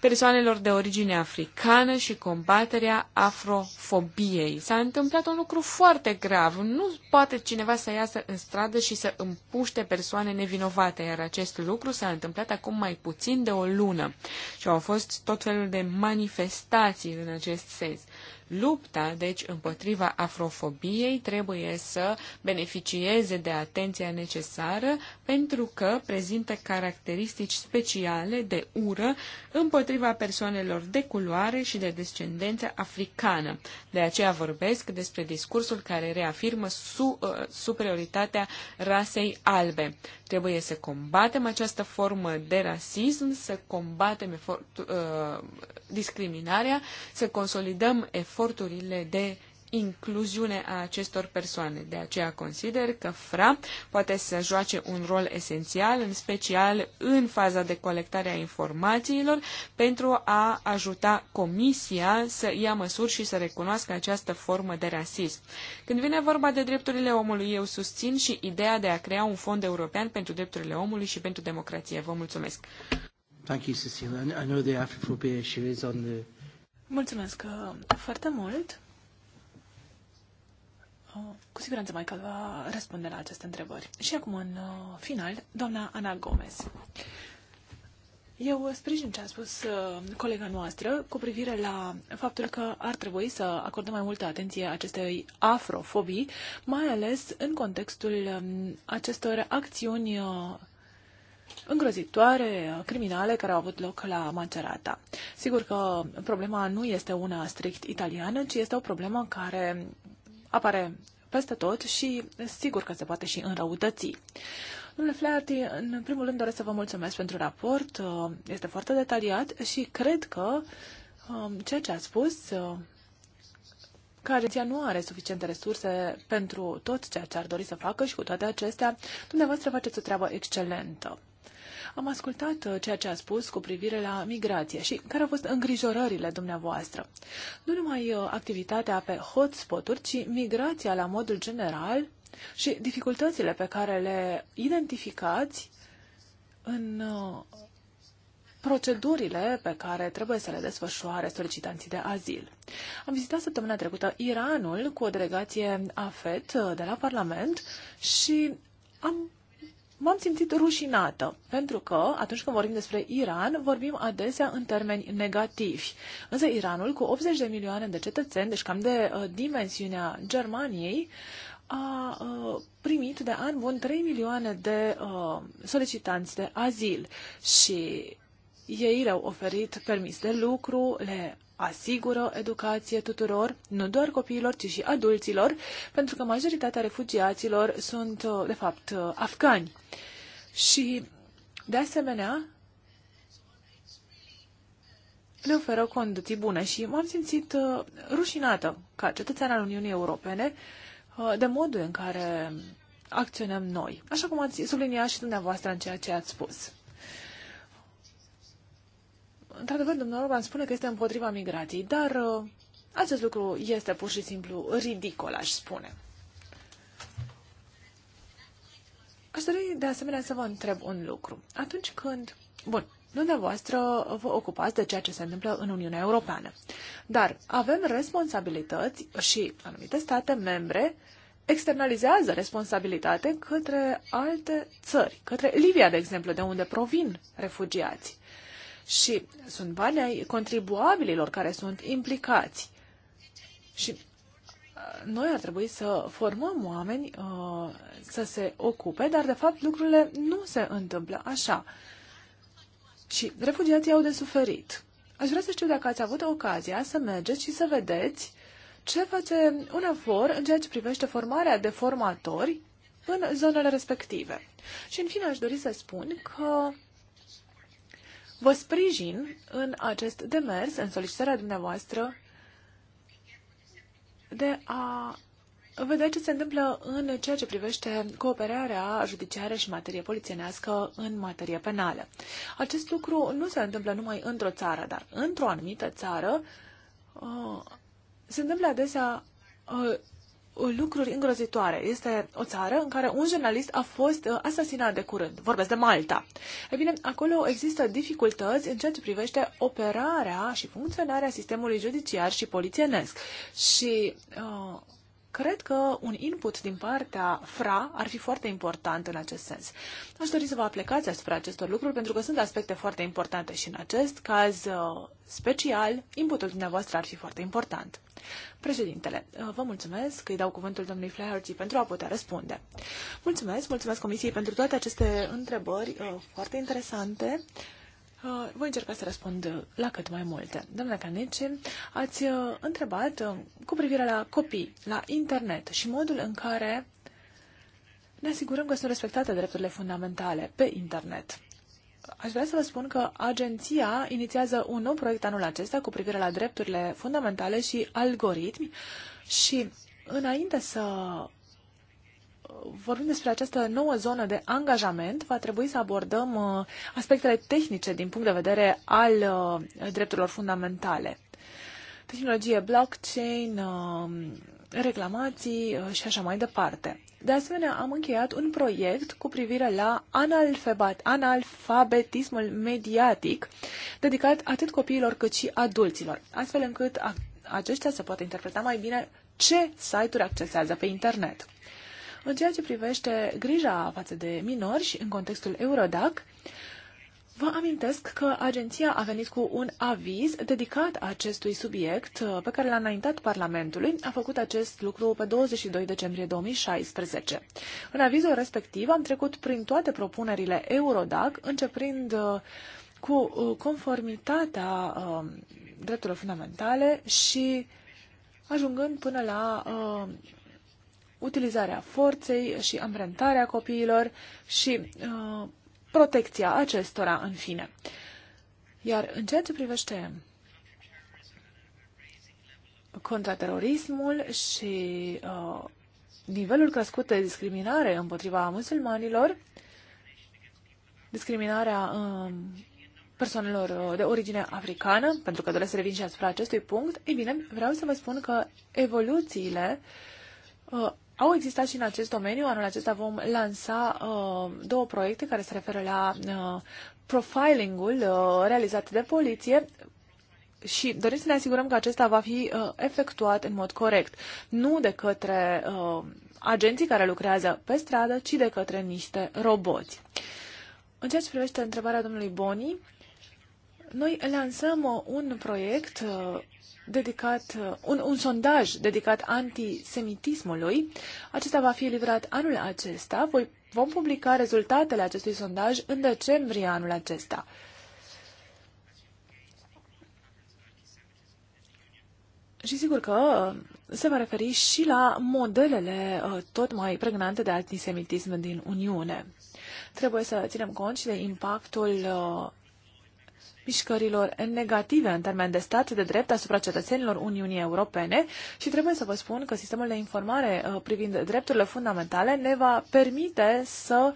persoanelor de origine africană și combaterea afrofobiei. S-a întâmplat un lucru foarte grav. Nu poate cineva să iasă în stradă și să împuște persoane nevinovate, iar acest lucru s-a întâmplat acum mai puțin de o lună. Și au fost tot felul de manifestații în acest sens. Lupta, deci, împotriva afrofobiei trebuie să beneficieze de atenția necesară pentru că prezintă caracteristici speciale de ură împotriva persoanelor de culoare și de descendență africană. De aceea vorbesc despre discursul care reafirmă su, uh, superioritatea rasei albe. Trebuie să combatem această formă de rasism, să combatem efort, uh, discriminarea, să consolidăm eforturile eforturile de incluziune a acestor persoane. De aceea consider că FRA poate să joace un rol esențial, în special în faza de colectare a informațiilor, pentru a ajuta Comisia să ia măsuri și să recunoască această formă de rasism. Când vine vorba de drepturile omului, eu susțin și ideea de a crea un fond european pentru drepturile omului și pentru democrație. Vă mulțumesc! Thank you, Cecilia. I know the issue is on the Mulțumesc uh, foarte mult. Uh, cu siguranță mai va răspunde la aceste întrebări. Și acum, în uh, final, doamna Ana Gomez. Eu sprijin ce a spus colega noastră cu privire la faptul că ar trebui să acordăm mai multă atenție acestei afrofobii, mai ales în contextul um, acestor acțiuni îngrozitoare uh, criminale care au avut loc la Macerata. Sigur că problema nu este una strict italiană, ci este o problemă care apare peste tot și sigur că se poate și înrăutăți. Domnule Flaherty, în primul rând doresc să vă mulțumesc pentru raport. Uh, este foarte detaliat și cred că um, ceea ce a spus uh, că agenția nu are suficiente resurse pentru tot ceea ce ar dori să facă și cu toate acestea, dumneavoastră faceți o treabă excelentă. Am ascultat uh, ceea ce a spus cu privire la migrație și care au fost îngrijorările dumneavoastră. Nu numai uh, activitatea pe hotspot-uri, ci migrația la modul general și dificultățile pe care le identificați în uh, procedurile pe care trebuie să le desfășoare solicitanții de azil. Am vizitat săptămâna trecută Iranul cu o delegație AFET de la Parlament și am m-am simțit rușinată, pentru că atunci când vorbim despre Iran, vorbim adesea în termeni negativi. Însă Iranul, cu 80 de milioane de cetățeni, deci cam de uh, dimensiunea Germaniei, a uh, primit de an bun 3 milioane de uh, solicitanți de azil și ei le-au oferit permis de lucru, le asigură educație tuturor, nu doar copiilor, ci și adulților, pentru că majoritatea refugiaților sunt, uh, de fapt, uh, afgani. Și, de asemenea, le oferă condiții bune și m-am simțit uh, rușinată ca cetățean al Uniunii Europene de modul în care acționăm noi, așa cum ați subliniat și dumneavoastră în ceea ce ați spus într-adevăr, domnul Orban spune că este împotriva migrației, dar uh, acest lucru este pur și simplu ridicol, aș spune. Aș dori de asemenea să vă întreb un lucru. Atunci când... Bun, dumneavoastră vă ocupați de ceea ce se întâmplă în Uniunea Europeană. Dar avem responsabilități și anumite state membre externalizează responsabilitate către alte țări, către Libia, de exemplu, de unde provin refugiații și sunt bani ai contribuabililor care sunt implicați. Și uh, noi ar trebui să formăm oameni uh, să se ocupe, dar de fapt lucrurile nu se întâmplă așa. Și refugiații au de suferit. Aș vrea să știu dacă ați avut ocazia să mergeți și să vedeți ce face efort în ceea ce privește formarea de formatori în zonele respective. Și în fine aș dori să spun că Vă sprijin în acest demers, în solicitarea dumneavoastră de a vedea ce se întâmplă în ceea ce privește cooperarea judiciară și materie polițienească în materie penală. Acest lucru nu se întâmplă numai într-o țară, dar într-o anumită țară uh, se întâmplă adesea uh, lucruri îngrozitoare. Este o țară în care un jurnalist a fost uh, asasinat de curând. Vorbesc de Malta. E bine, acolo există dificultăți în ceea ce privește operarea și funcționarea sistemului judiciar și polițienesc. Și uh, Cred că un input din partea FRA ar fi foarte important în acest sens. Aș dori să vă aplicați asupra acestor lucruri, pentru că sunt aspecte foarte importante și în acest caz uh, special, inputul dumneavoastră ar fi foarte important. Președintele, uh, vă mulțumesc că îi dau cuvântul domnului Flaherty pentru a putea răspunde. Mulțumesc, mulțumesc Comisiei pentru toate aceste întrebări uh, foarte interesante. Uh, voi încerca să răspund la cât mai multe. Doamna Canice, ați uh, întrebat uh, cu privire la copii, la internet și modul în care ne asigurăm că sunt respectate drepturile fundamentale pe internet. Aș vrea să vă spun că agenția inițiază un nou proiect anul acesta cu privire la drepturile fundamentale și algoritmi și înainte să vorbim despre această nouă zonă de angajament, va trebui să abordăm uh, aspectele tehnice din punct de vedere al uh, drepturilor fundamentale. Tehnologie blockchain, uh, reclamații și așa mai departe. De asemenea, am încheiat un proiect cu privire la analfabetismul mediatic, dedicat atât copiilor cât și adulților, astfel încât aceștia să poată interpreta mai bine ce site-uri accesează pe internet. În ceea ce privește grija față de minori și în contextul Eurodac, Vă amintesc că agenția a venit cu un aviz dedicat acestui subiect uh, pe care l-a înaintat Parlamentului. A făcut acest lucru pe 22 decembrie 2016. În avizul respectiv am trecut prin toate propunerile Eurodac, începând uh, cu uh, conformitatea drepturilor fundamentale și ajungând până la uh, utilizarea forței și amprentarea copiilor și uh, protecția acestora, în fine. Iar în ceea ce privește contraterorismul și uh, nivelul crescut de discriminare împotriva musulmanilor, discriminarea um, uh, persoanelor de origine africană, pentru că doresc să revin și asupra acestui punct, E bine, vreau să vă spun că evoluțiile uh, au existat și în acest domeniu, anul acesta vom lansa uh, două proiecte care se referă la uh, profilingul uh, realizat de poliție și dorim să ne asigurăm că acesta va fi uh, efectuat în mod corect, nu de către uh, agenții care lucrează pe stradă, ci de către niște roboți. În ceea ce privește întrebarea domnului Boni, noi lansăm uh, un proiect uh, dedicat, uh, un, un sondaj dedicat antisemitismului. Acesta va fi livrat anul acesta. Voi, vom publica rezultatele acestui sondaj în decembrie anul acesta. Și sigur că uh, se va referi și la modelele uh, tot mai pregnante de antisemitism din Uniune. Trebuie să ținem cont și de impactul mișcărilor negative în termen de stat de drept asupra cetățenilor Uniunii Europene și trebuie să vă spun că sistemul de informare uh, privind drepturile fundamentale ne va permite să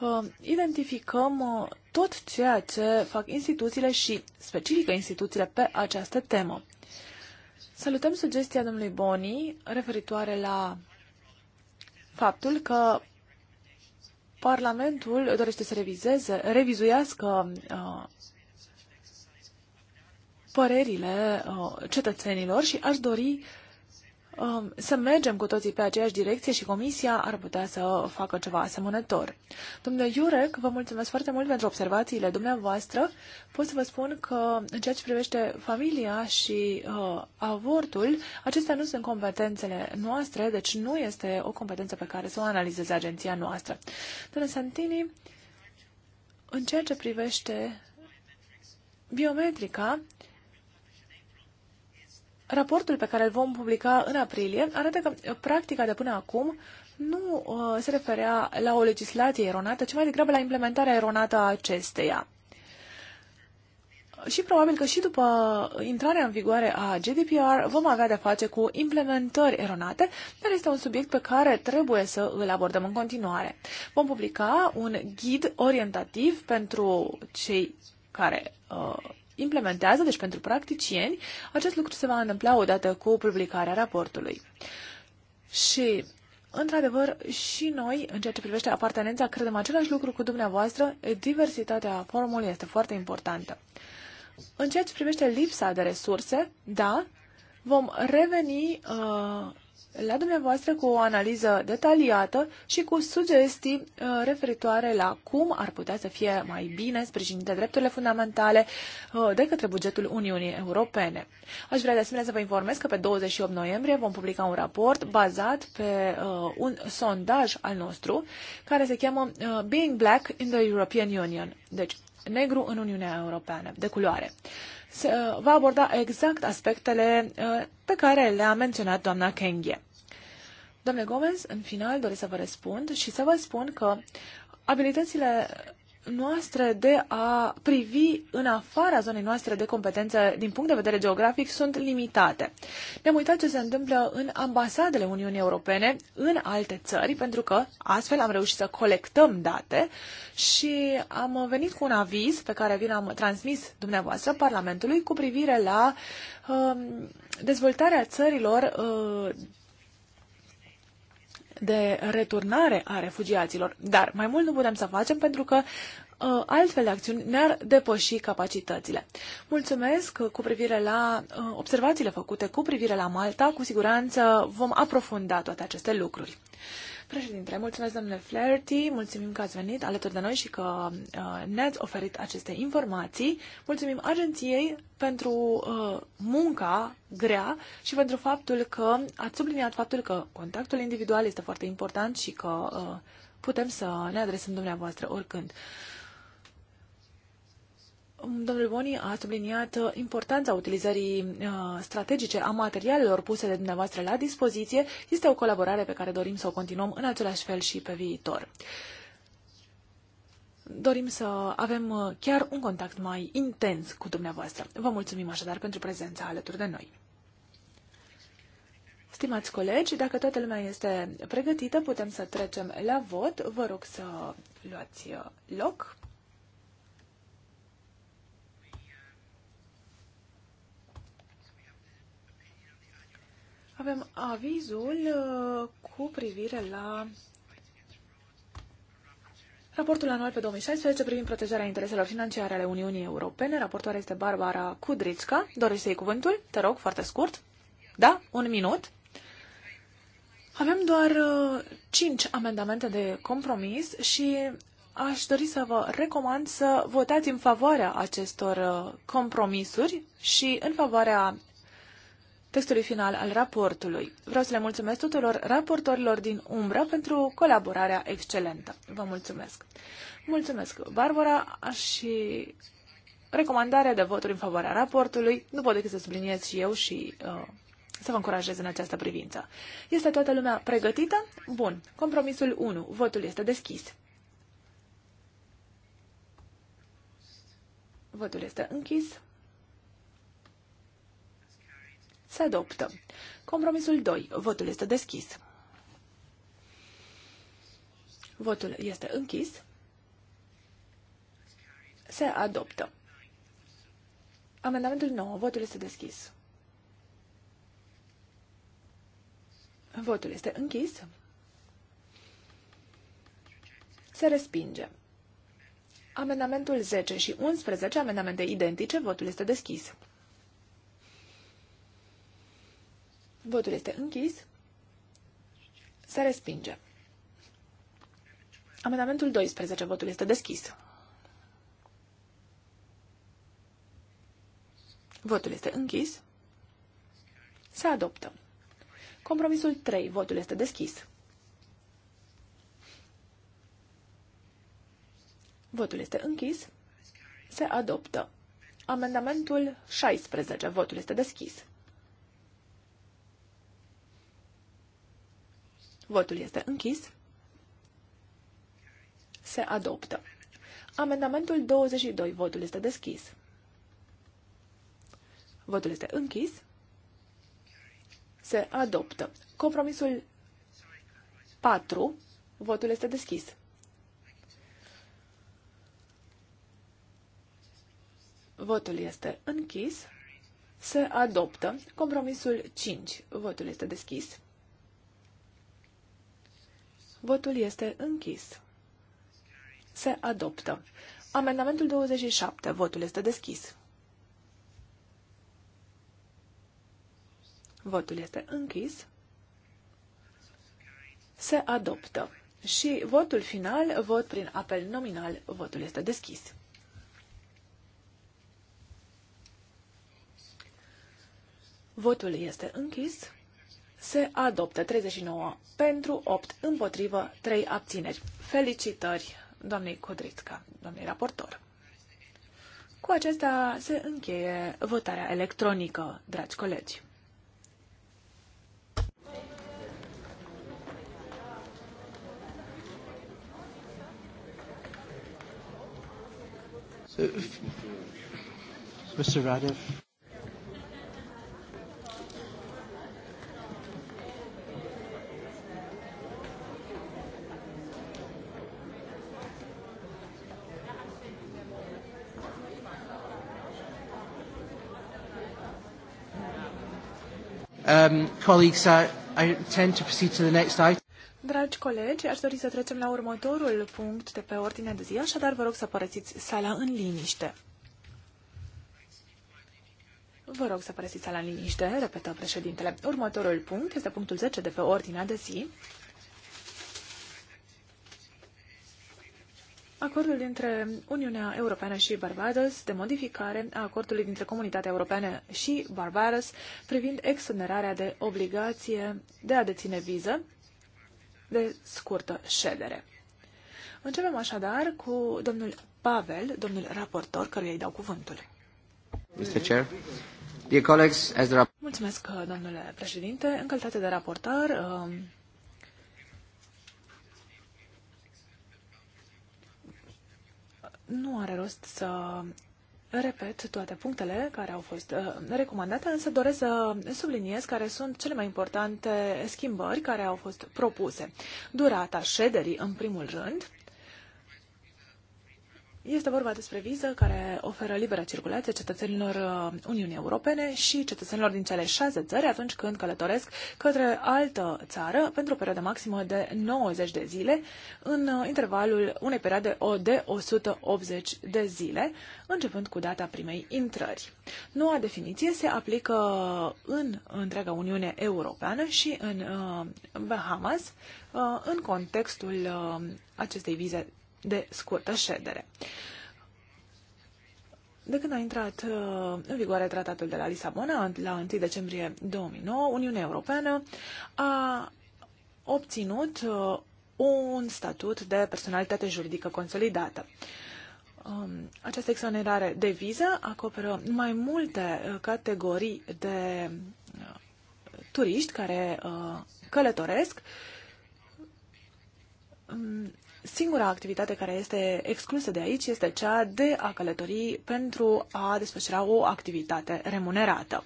uh, identificăm uh, tot ceea ce fac instituțiile și specifică instituțiile pe această temă. Salutăm sugestia domnului Boni referitoare la faptul că Parlamentul dorește să revizeze, revizuiască uh, părerile uh, cetățenilor și aș dori um, să mergem cu toții pe aceeași direcție și comisia ar putea să facă ceva asemănător. Domnule Iurec, vă mulțumesc foarte mult pentru observațiile dumneavoastră. Pot să vă spun că în ceea ce privește familia și uh, avortul, acestea nu sunt competențele noastre, deci nu este o competență pe care să o analizeze agenția noastră. Domnule Santini, în ceea ce privește biometrica, Raportul pe care îl vom publica în aprilie arată că practica de până acum nu uh, se referea la o legislație eronată, ci mai degrabă la implementarea eronată a acesteia. Și probabil că și după intrarea în vigoare a GDPR vom avea de-a face cu implementări eronate, dar este un subiect pe care trebuie să îl abordăm în continuare. Vom publica un ghid orientativ pentru cei care uh, implementează, deci pentru practicieni, acest lucru se va întâmpla odată cu publicarea raportului. Și Într-adevăr, și noi, în ceea ce privește apartenența, credem același lucru cu dumneavoastră. Diversitatea formului este foarte importantă. În ceea ce privește lipsa de resurse, da, vom reveni uh, la dumneavoastră cu o analiză detaliată și cu sugestii uh, referitoare la cum ar putea să fie mai bine sprijinite drepturile fundamentale uh, de către bugetul Uniunii Europene. Aș vrea de asemenea să vă informez că pe 28 noiembrie vom publica un raport bazat pe uh, un sondaj al nostru care se cheamă Being Black in the European Union, deci negru în Uniunea Europeană, de culoare se va aborda exact aspectele uh, pe care le-a menționat doamna Kenghe. Domnule Gomez, în final doresc să vă răspund și să vă spun că abilitățile noastre de a privi în afara zonei noastre de competență din punct de vedere geografic sunt limitate. Ne-am uitat ce se întâmplă în ambasadele Uniunii Europene în alte țări, pentru că astfel am reușit să colectăm date și am venit cu un aviz pe care vi l-am transmis dumneavoastră Parlamentului cu privire la uh, dezvoltarea țărilor uh, de returnare a refugiaților. Dar mai mult nu putem să facem pentru că uh, altfel de acțiuni ne-ar depăși capacitățile. Mulțumesc uh, cu privire la uh, observațiile făcute cu privire la Malta. Cu siguranță vom aprofunda toate aceste lucruri. Președinte, mulțumesc, domnule Flaherty, mulțumim că ați venit alături de noi și că uh, ne-ați oferit aceste informații. Mulțumim agenției pentru uh, munca grea și pentru faptul că ați subliniat faptul că contactul individual este foarte important și că uh, putem să ne adresăm dumneavoastră oricând. Domnul Boni a subliniat uh, importanța utilizării uh, strategice a materialelor puse de dumneavoastră la dispoziție. Este o colaborare pe care dorim să o continuăm în același fel și pe viitor. Dorim să avem uh, chiar un contact mai intens cu dumneavoastră. Vă mulțumim așadar pentru prezența alături de noi. Stimați colegi, dacă toată lumea este pregătită, putem să trecem la vot. Vă rog să luați loc. avem avizul uh, cu privire la Raportul anual pe 2016 privind protejarea intereselor financiare ale Uniunii Europene. Raportoarea este Barbara Kudrițca. Dorești să iei cuvântul? Te rog, foarte scurt. Da? Un minut. Avem doar uh, cinci amendamente de compromis și aș dori să vă recomand să votați în favoarea acestor uh, compromisuri și în favoarea textului final al raportului. Vreau să le mulțumesc tuturor raportorilor din Umbra pentru colaborarea excelentă. Vă mulțumesc! Mulțumesc, Barbara, și recomandarea de voturi în favoarea raportului. Nu pot decât să subliniez și eu și uh, să vă încurajez în această privință. Este toată lumea pregătită? Bun. Compromisul 1. Votul este deschis. Votul este închis. Se adoptă. Compromisul 2. Votul este deschis. Votul este închis. Se adoptă. Amendamentul 9. Votul este deschis. Votul este închis. Se respinge. Amendamentul 10 și 11, amendamente identice, votul este deschis. Votul este închis. Se respinge. Amendamentul 12. Votul este deschis. Votul este închis. Se adoptă. Compromisul 3. Votul este deschis. Votul este închis. Se adoptă. Amendamentul 16. Votul este deschis. Votul este închis. Se adoptă. Amendamentul 22. Votul este deschis. Votul este închis. Se adoptă. Compromisul 4. Votul este deschis. Votul este închis. Se adoptă. Compromisul 5. Votul este deschis. Votul este închis. Se adoptă. Amendamentul 27. Votul este deschis. Votul este închis. Se adoptă. Și votul final, vot prin apel nominal, votul este deschis. Votul este închis se adoptă 39 pentru 8 împotrivă 3 abțineri. Felicitări doamnei Codrițca, doamnei raportor. Cu acesta se încheie votarea electronică, dragi colegi. Mr. Radev. colleagues, I, I tend to proceed to the next item. Dragi colegi, aș dori să trecem la următorul punct de pe ordinea de zi, așadar vă rog să părăsiți sala în liniște. Vă rog să părăsiți sala în liniște, repetă președintele. Următorul punct este punctul 10 de pe ordinea de zi, Acordul dintre Uniunea Europeană și Barbados de modificare a acordului dintre Comunitatea Europeană și Barbados privind exonerarea de obligație de a deține viză de scurtă ședere. Începem așadar cu domnul Pavel, domnul raportor, căruia îi dau cuvântul. Mr. Chair. Dear colleagues, as the... Mulțumesc, domnule președinte. În calitate de raportor, um, Nu are rost să repet toate punctele care au fost uh, recomandate, însă doresc să subliniez care sunt cele mai importante schimbări care au fost propuse. Durata șederii, în primul rând, este vorba despre viză care oferă liberă circulație cetățenilor uh, Uniunii Europene și cetățenilor din cele șase țări atunci când călătoresc către altă țară pentru o perioadă maximă de 90 de zile în uh, intervalul unei perioade de 180 de zile, începând cu data primei intrări. Noua definiție se aplică în întreaga Uniune Europeană și în uh, Bahamas în contextul acestei vize de scurtă ședere. De când a intrat uh, în vigoare tratatul de la Lisabona, la 1 decembrie 2009, Uniunea Europeană a obținut uh, un statut de personalitate juridică consolidată. Um, această exonerare de viză acoperă mai multe uh, categorii de turiști care călătoresc um, Singura activitate care este exclusă de aici este cea de a călători pentru a desfășura o activitate remunerată.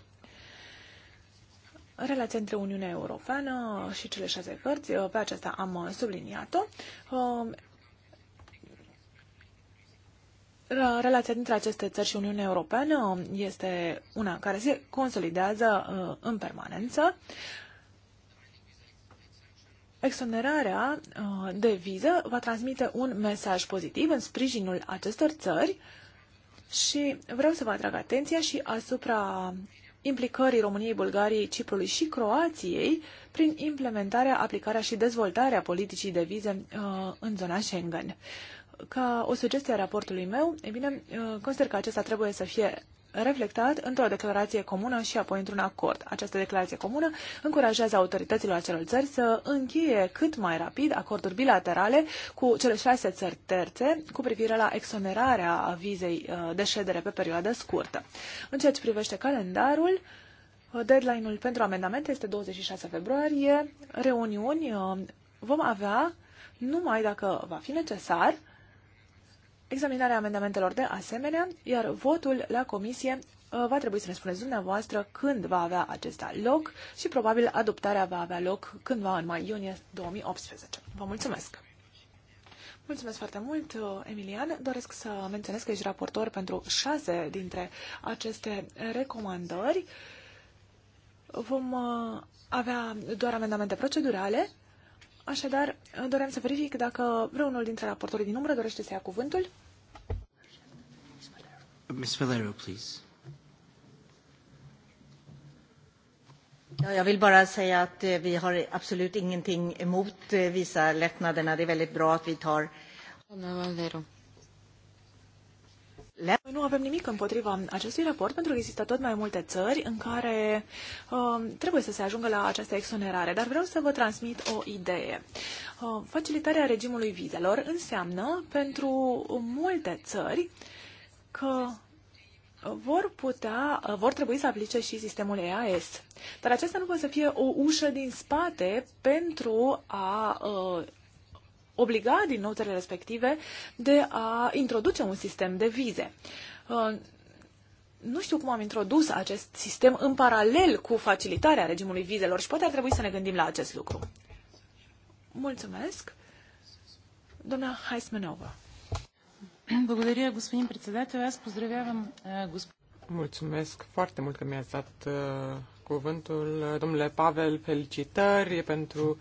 Relația între Uniunea Europeană și cele șase cărți, uh, pe aceasta am uh, subliniat-o. Um, relația dintre aceste țări și Uniunea Europeană este una care se consolidează uh, în permanență exonerarea uh, de viză va transmite un mesaj pozitiv în sprijinul acestor țări și vreau să vă atrag atenția și asupra implicării României, Bulgariei, Ciprului și Croației prin implementarea, aplicarea și dezvoltarea politicii de vize uh, în zona Schengen. Ca o sugestie a raportului meu, e bine, uh, consider că acesta trebuie să fie reflectat într-o declarație comună și apoi într-un acord. Această declarație comună încurajează autoritățile acelor țări să încheie cât mai rapid acorduri bilaterale cu cele șase țări terțe cu privire la exonerarea vizei uh, de ședere pe perioadă scurtă. În ceea ce privește calendarul, uh, Deadline-ul pentru amendamente este 26 februarie. Reuniuni uh, vom avea numai dacă va fi necesar examinarea amendamentelor de asemenea, iar votul la comisie uh, va trebui să ne spuneți dumneavoastră când va avea acesta loc și probabil adoptarea va avea loc cândva în mai iunie 2018. Vă mulțumesc! Mulțumesc foarte mult, uh, Emilian. Doresc să menționez că ești raportor pentru șase dintre aceste recomandări. Vom uh, avea doar amendamente procedurale Așadar, doream să verific dacă vreunul dintre raportorii din umbră dorește să ia cuvântul. Miss Valero, please. Ja, jag vill bara säga att eh, vi har absolut ingenting emot eh, vissa lättnaderna. Det är väldigt bra att vi tar... Doamna nu avem nimic împotriva acestui raport, pentru că există tot mai multe țări în care uh, trebuie să se ajungă la această exonerare, dar vreau să vă transmit o idee. Uh, facilitarea regimului vizelor înseamnă pentru multe țări că vor putea, vor trebui să aplice și sistemul EAS. Dar acesta nu poate să fie o ușă din spate pentru a uh, obliga din nou țările respective de a introduce un sistem de vize. Uh, nu știu cum am introdus acest sistem în paralel cu facilitarea regimului vizelor și poate ar trebui să ne gândim la acest lucru. Mulțumesc. Doamna Heismanova. Mulțumesc foarte mult că mi-ați dat cuvântul. Domnule Pavel, felicitări pentru uh,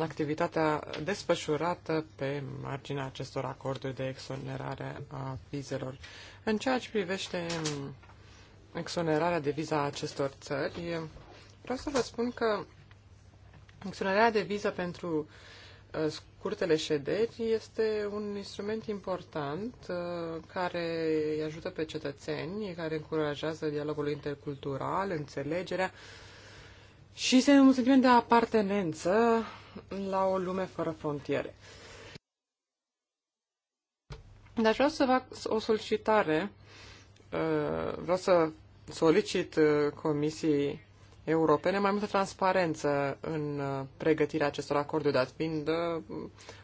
activitatea desfășurată pe marginea acestor acorduri de exonerare a vizelor. În ceea ce privește exonerarea de viza a acestor țări, vreau să vă spun că exonerarea de viză pentru uh, scurtele șederi este un instrument important uh, care îi ajută pe cetățeni, care încurajează dialogul intercultural, înțelegerea, și este un sentiment de apartenență la o lume fără frontiere. Dar vreau să fac o solicitare, uh, vreau să solicit uh, Comisiei Europene mai multă transparență în uh, pregătirea acestor acorduri, dat fiind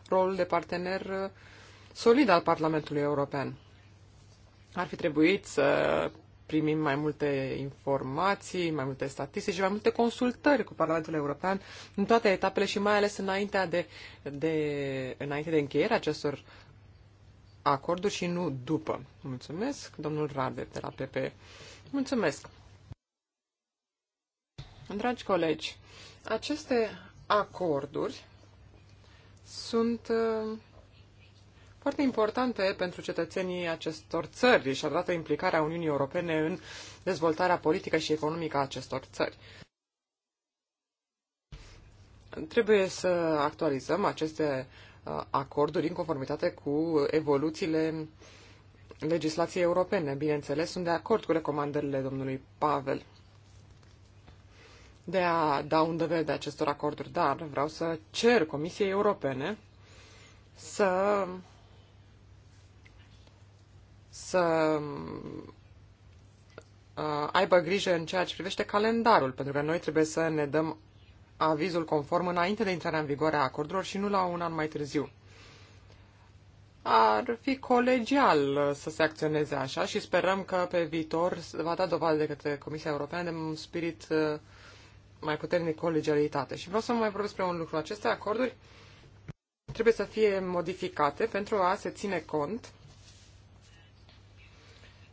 rolul de partener solid al Parlamentului European. Ar fi trebuit să primim mai multe informații, mai multe statistici și mai multe consultări cu Parlamentul European în toate etapele și mai ales înaintea de, de, înainte de încheierea acestor acorduri și nu după. Mulțumesc, domnul Rade de la PP. Mulțumesc. Dragi colegi, aceste acorduri sunt uh, foarte importante pentru cetățenii acestor țări și arată implicarea Uniunii Europene în dezvoltarea politică și economică a acestor țări. Trebuie să actualizăm aceste uh, acorduri în conformitate cu evoluțiile legislației europene. Bineînțeles, sunt de acord cu recomandările domnului Pavel de a da un de acestor acorduri, dar vreau să cer Comisiei Europene să să uh, aibă grijă în ceea ce privește calendarul, pentru că noi trebuie să ne dăm avizul conform înainte de intrarea în vigoare a acordurilor și nu la un an mai târziu. Ar fi colegial uh, să se acționeze așa și sperăm că pe viitor va da dovadă de către Comisia Europeană de un spirit uh, mai puternic colegialitate. Și vreau să mai vorbesc despre un lucru. Aceste acorduri trebuie să fie modificate pentru a se ține cont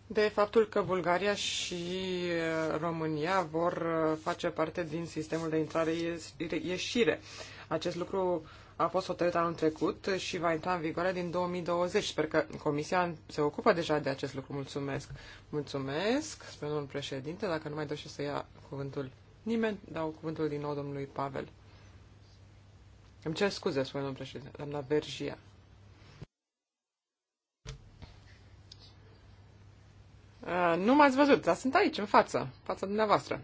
de faptul că Bulgaria și uh, România vor uh, face parte din sistemul de intrare-ieșire. Acest lucru a fost hotărât anul trecut și va intra în vigoare din 2020. Sper că Comisia se ocupă deja de acest lucru. Mulțumesc. Mulțumesc, spune domnul președinte. Dacă nu mai dorește să ia cuvântul nimeni, dau cuvântul din nou domnului Pavel. Îmi cer scuze, spune domnul președinte, doamna Vergia. Uh, nu m-ați văzut, dar sunt aici, în față, fața dumneavoastră.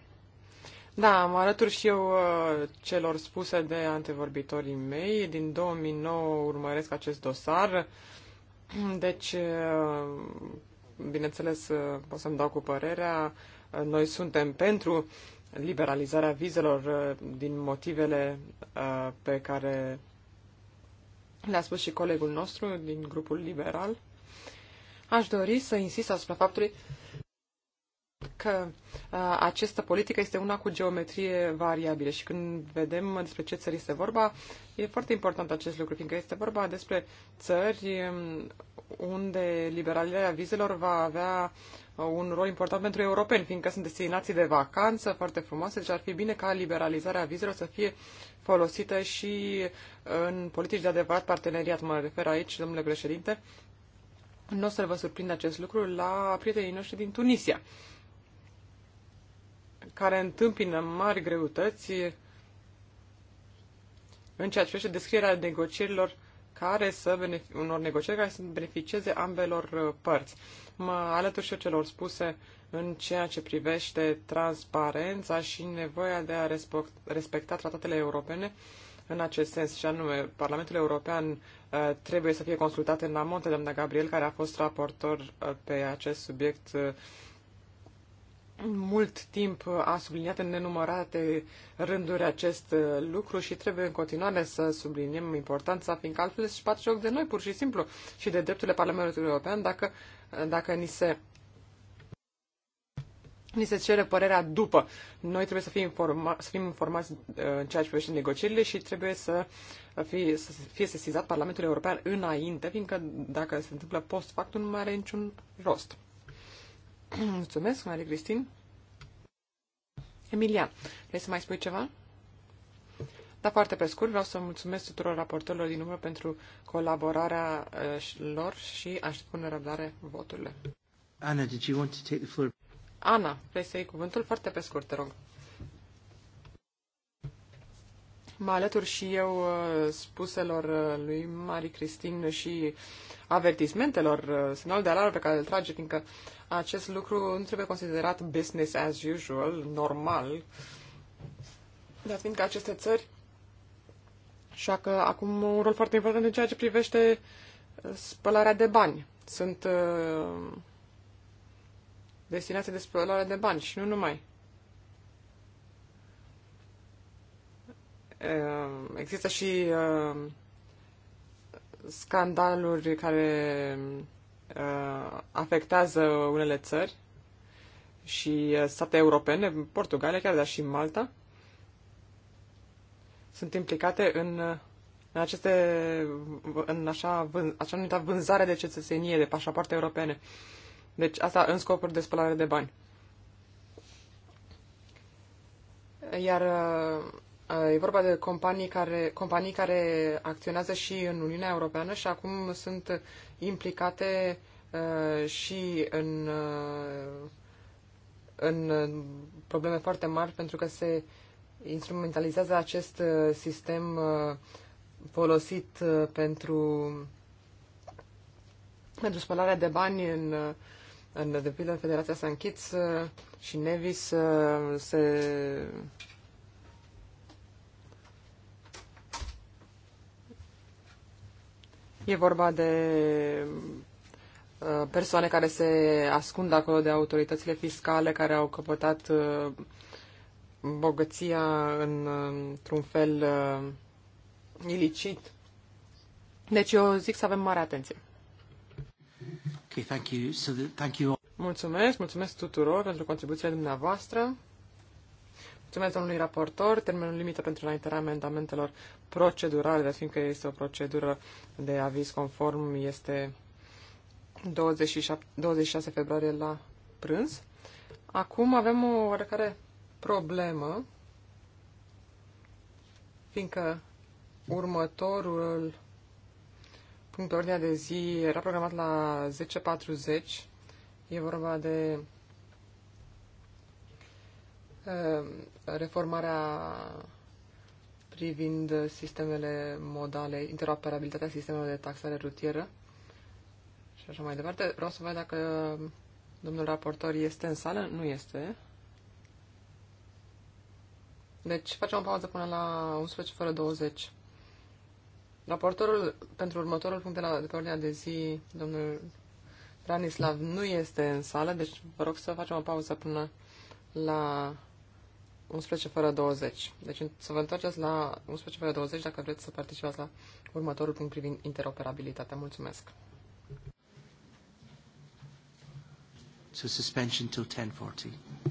Da, mă alătur și eu uh, celor spuse de antevorbitorii mei. Din 2009 urmăresc acest dosar, deci, uh, bineînțeles, o să-mi dau cu părerea. Noi suntem pentru liberalizarea vizelor din motivele pe care le-a spus și colegul nostru din grupul liberal. Aș dori să insist asupra faptului că uh, această politică este una cu geometrie variabilă și când vedem despre ce țări este vorba, e foarte important acest lucru, fiindcă este vorba despre țări um, unde liberalizarea vizelor va avea uh, un rol important pentru europeni, fiindcă sunt destinații de vacanță foarte frumoase, deci ar fi bine ca liberalizarea vizelor să fie folosită și în politici de adevărat parteneriat. Mă refer aici, domnule președinte, nu o să vă surprinde acest lucru la prietenii noștri din Tunisia, care întâmpină mari greutăți în ceea ce privește descrierea negocierilor care să unor negocieri care să beneficieze ambelor uh, părți. Mă alătur și eu celor spuse în ceea ce privește transparența și nevoia de a respecta tratatele europene în acest sens, și anume Parlamentul European uh, trebuie să fie consultat în amonte, doamna Gabriel, care a fost raportor uh, pe acest subiect uh, mult timp a subliniat în nenumărate rânduri acest lucru și trebuie în continuare să subliniem importanța, fiindcă altfel își bat joc de noi, pur și simplu, și de drepturile Parlamentului European, dacă, dacă ni se Ni se cere părerea după. Noi trebuie să fim, informa- să fim informați uh, în ceea ce privește negocierile și trebuie să fie, să fie sesizat Parlamentul European înainte, fiindcă dacă se întâmplă post factum, nu mai are niciun rost. Mulțumesc, Maria Cristin. Emilian, vrei să mai spui ceva? Da, foarte pe scurt, vreau să mulțumesc tuturor raportorilor din urmă pentru colaborarea uh, lor și aștept cu nerăbdare voturile. Ana, did you want to take the floor? Ana, vrei să iei cuvântul? Foarte pe scurt, te rog. Mă alătur și eu uh, spuselor uh, lui Mari Cristin și avertismentelor, uh, semnalul de alarmă pe care îl trage, fiindcă acest lucru nu trebuie considerat business as usual, normal, dar fiindcă aceste țări joacă acum un rol foarte important în ceea ce privește spălarea de bani. Sunt uh, destinate de spălare de bani și nu numai. Există și scandaluri care afectează unele țări și state europene, Portugalia chiar, dar și Malta, sunt implicate în, în aceste, în așa, așa numită vânzare de cetățenie, de pașapoarte europene. Uh, deci asta în scopuri de spălare de bani. Iar uh, e vorba de companii care, companii care acționează și în Uniunea Europeană și acum sunt implicate uh, și în, uh, în probleme foarte mari pentru că se instrumentalizează acest sistem folosit pentru, pentru spălarea de bani în în de pildă, Federația s-a închis uh, și Nevis uh, se E vorba de uh, persoane care se ascund acolo de autoritățile fiscale care au căpătat bogăția în, într-un fel ilicit. Deci eu zic să avem mare atenție. Okay, thank you. So the, thank you all. Mulțumesc, mulțumesc tuturor pentru contribuția dumneavoastră. Mulțumesc domnului raportor. Termenul limită pentru înaintarea amendamentelor procedurale, dar fiindcă este o procedură de aviz conform, este 27, 26 februarie la prânz. Acum avem o oarecare problemă, fiindcă următorul punct pe ordinea de zi era programat la 10.40. E vorba de uh, reformarea privind sistemele modale, interoperabilitatea sistemelor de taxare rutieră și așa mai departe. Vreau să văd dacă domnul raportor este în sală. Nu este. Deci facem o pauză până la 11 fără 20. Raportorul pentru următorul punct de, la, de pe ordinea de zi, domnul Branislav, nu este în sală, deci vă rog să facem o pauză până la 11 fără 20. Deci să vă întoarceți la 11 fără 20 dacă vreți să participați la următorul punct privind interoperabilitatea. Mulțumesc! So suspension till 10.40.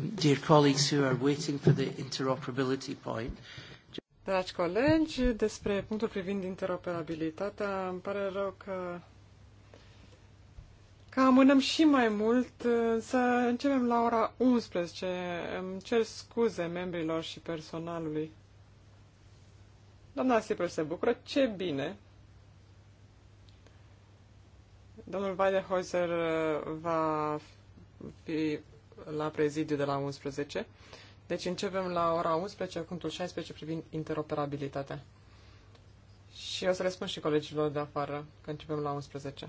Um, dear colleagues who are waiting for the interoperability point. Dragi colegi, despre punctul privind interoperabilitatea, îmi pare rău că, că amânăm și mai mult, să începem la ora 11. Îmi cer scuze membrilor și personalului. Doamna Sipel se bucură, ce bine! Domnul Weidehäuser uh, va fi la prezidiu de la 11. Deci începem la ora 11, punctul 16 privind interoperabilitatea. Și o să răspund și colegilor de afară că începem la 11.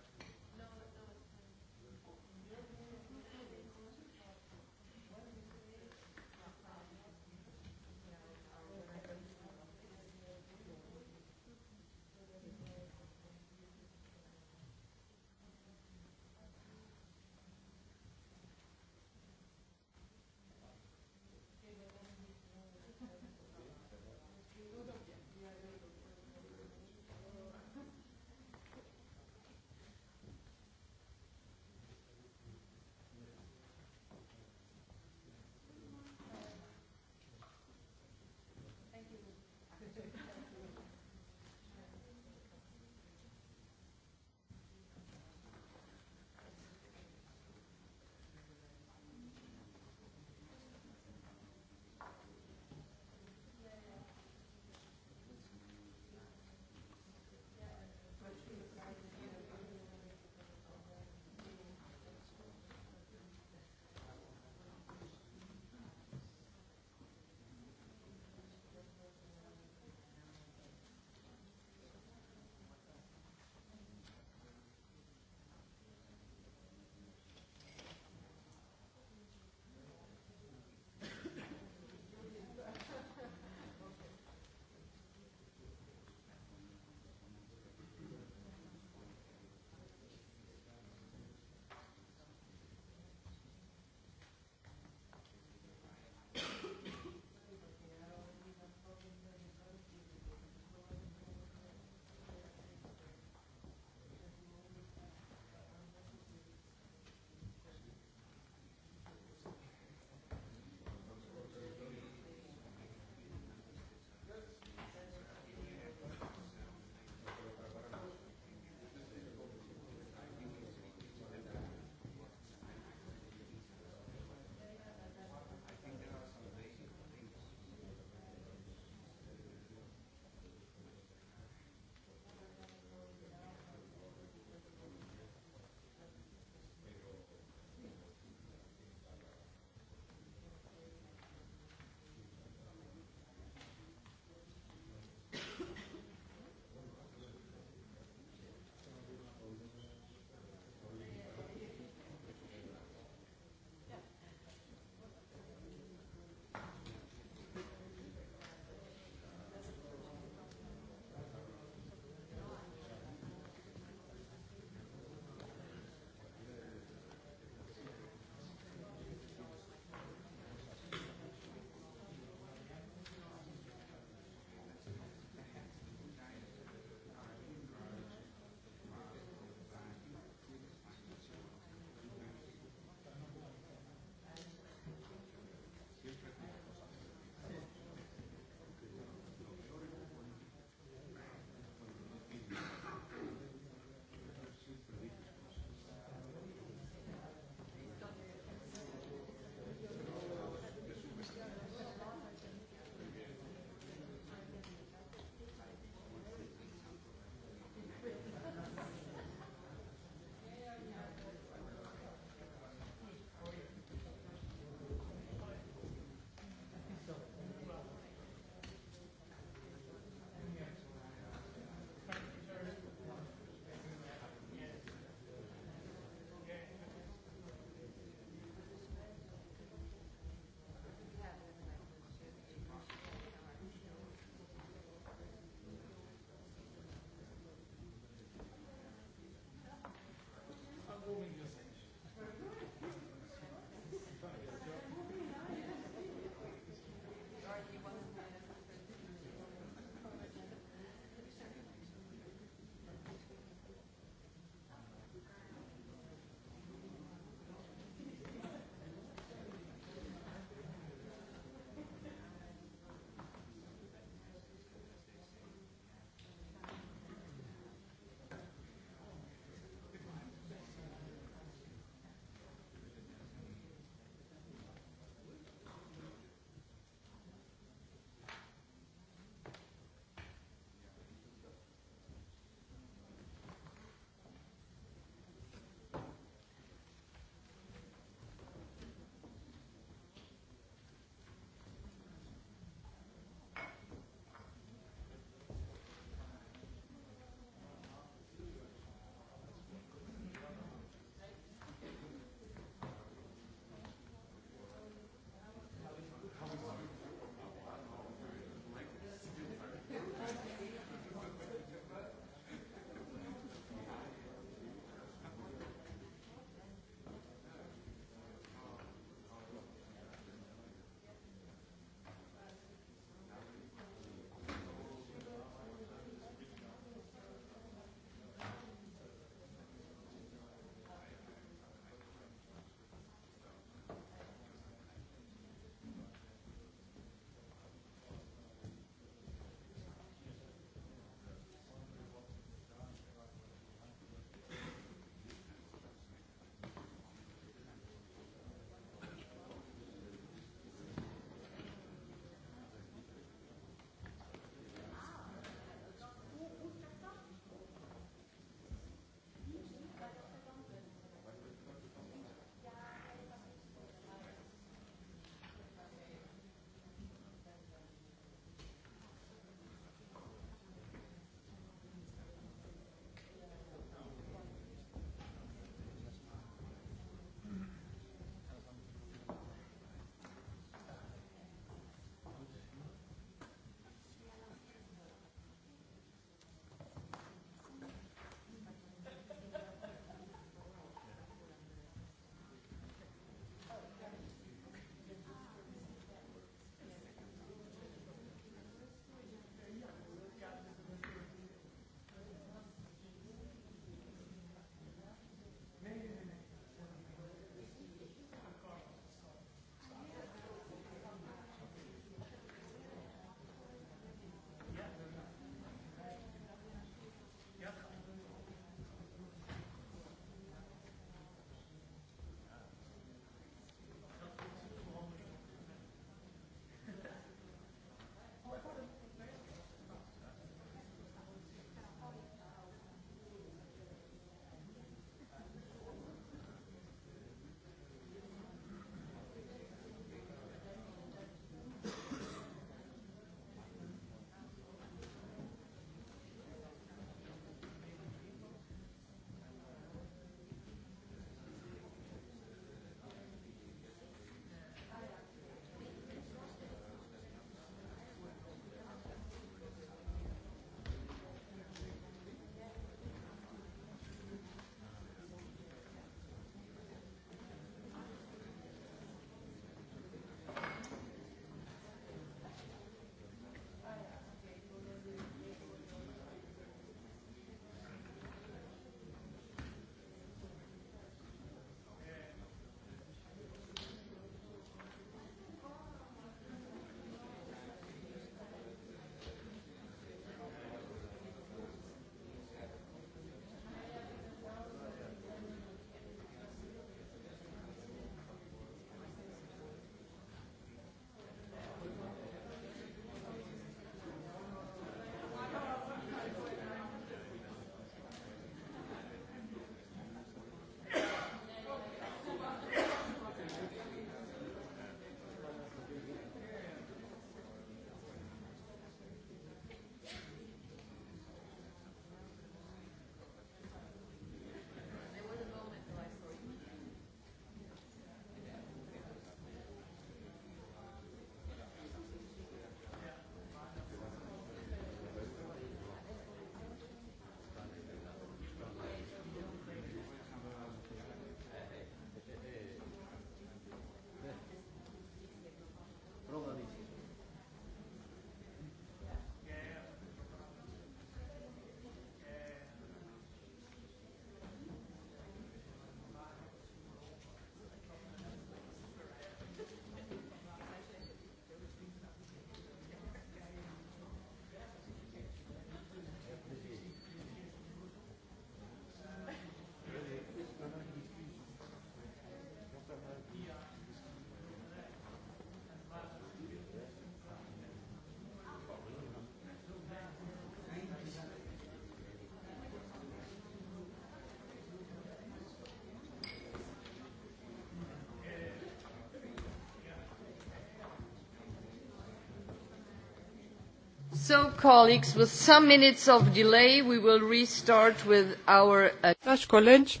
So, colleagues, with some minutes of delay, we will restart with our... Uh, Dragi colegi,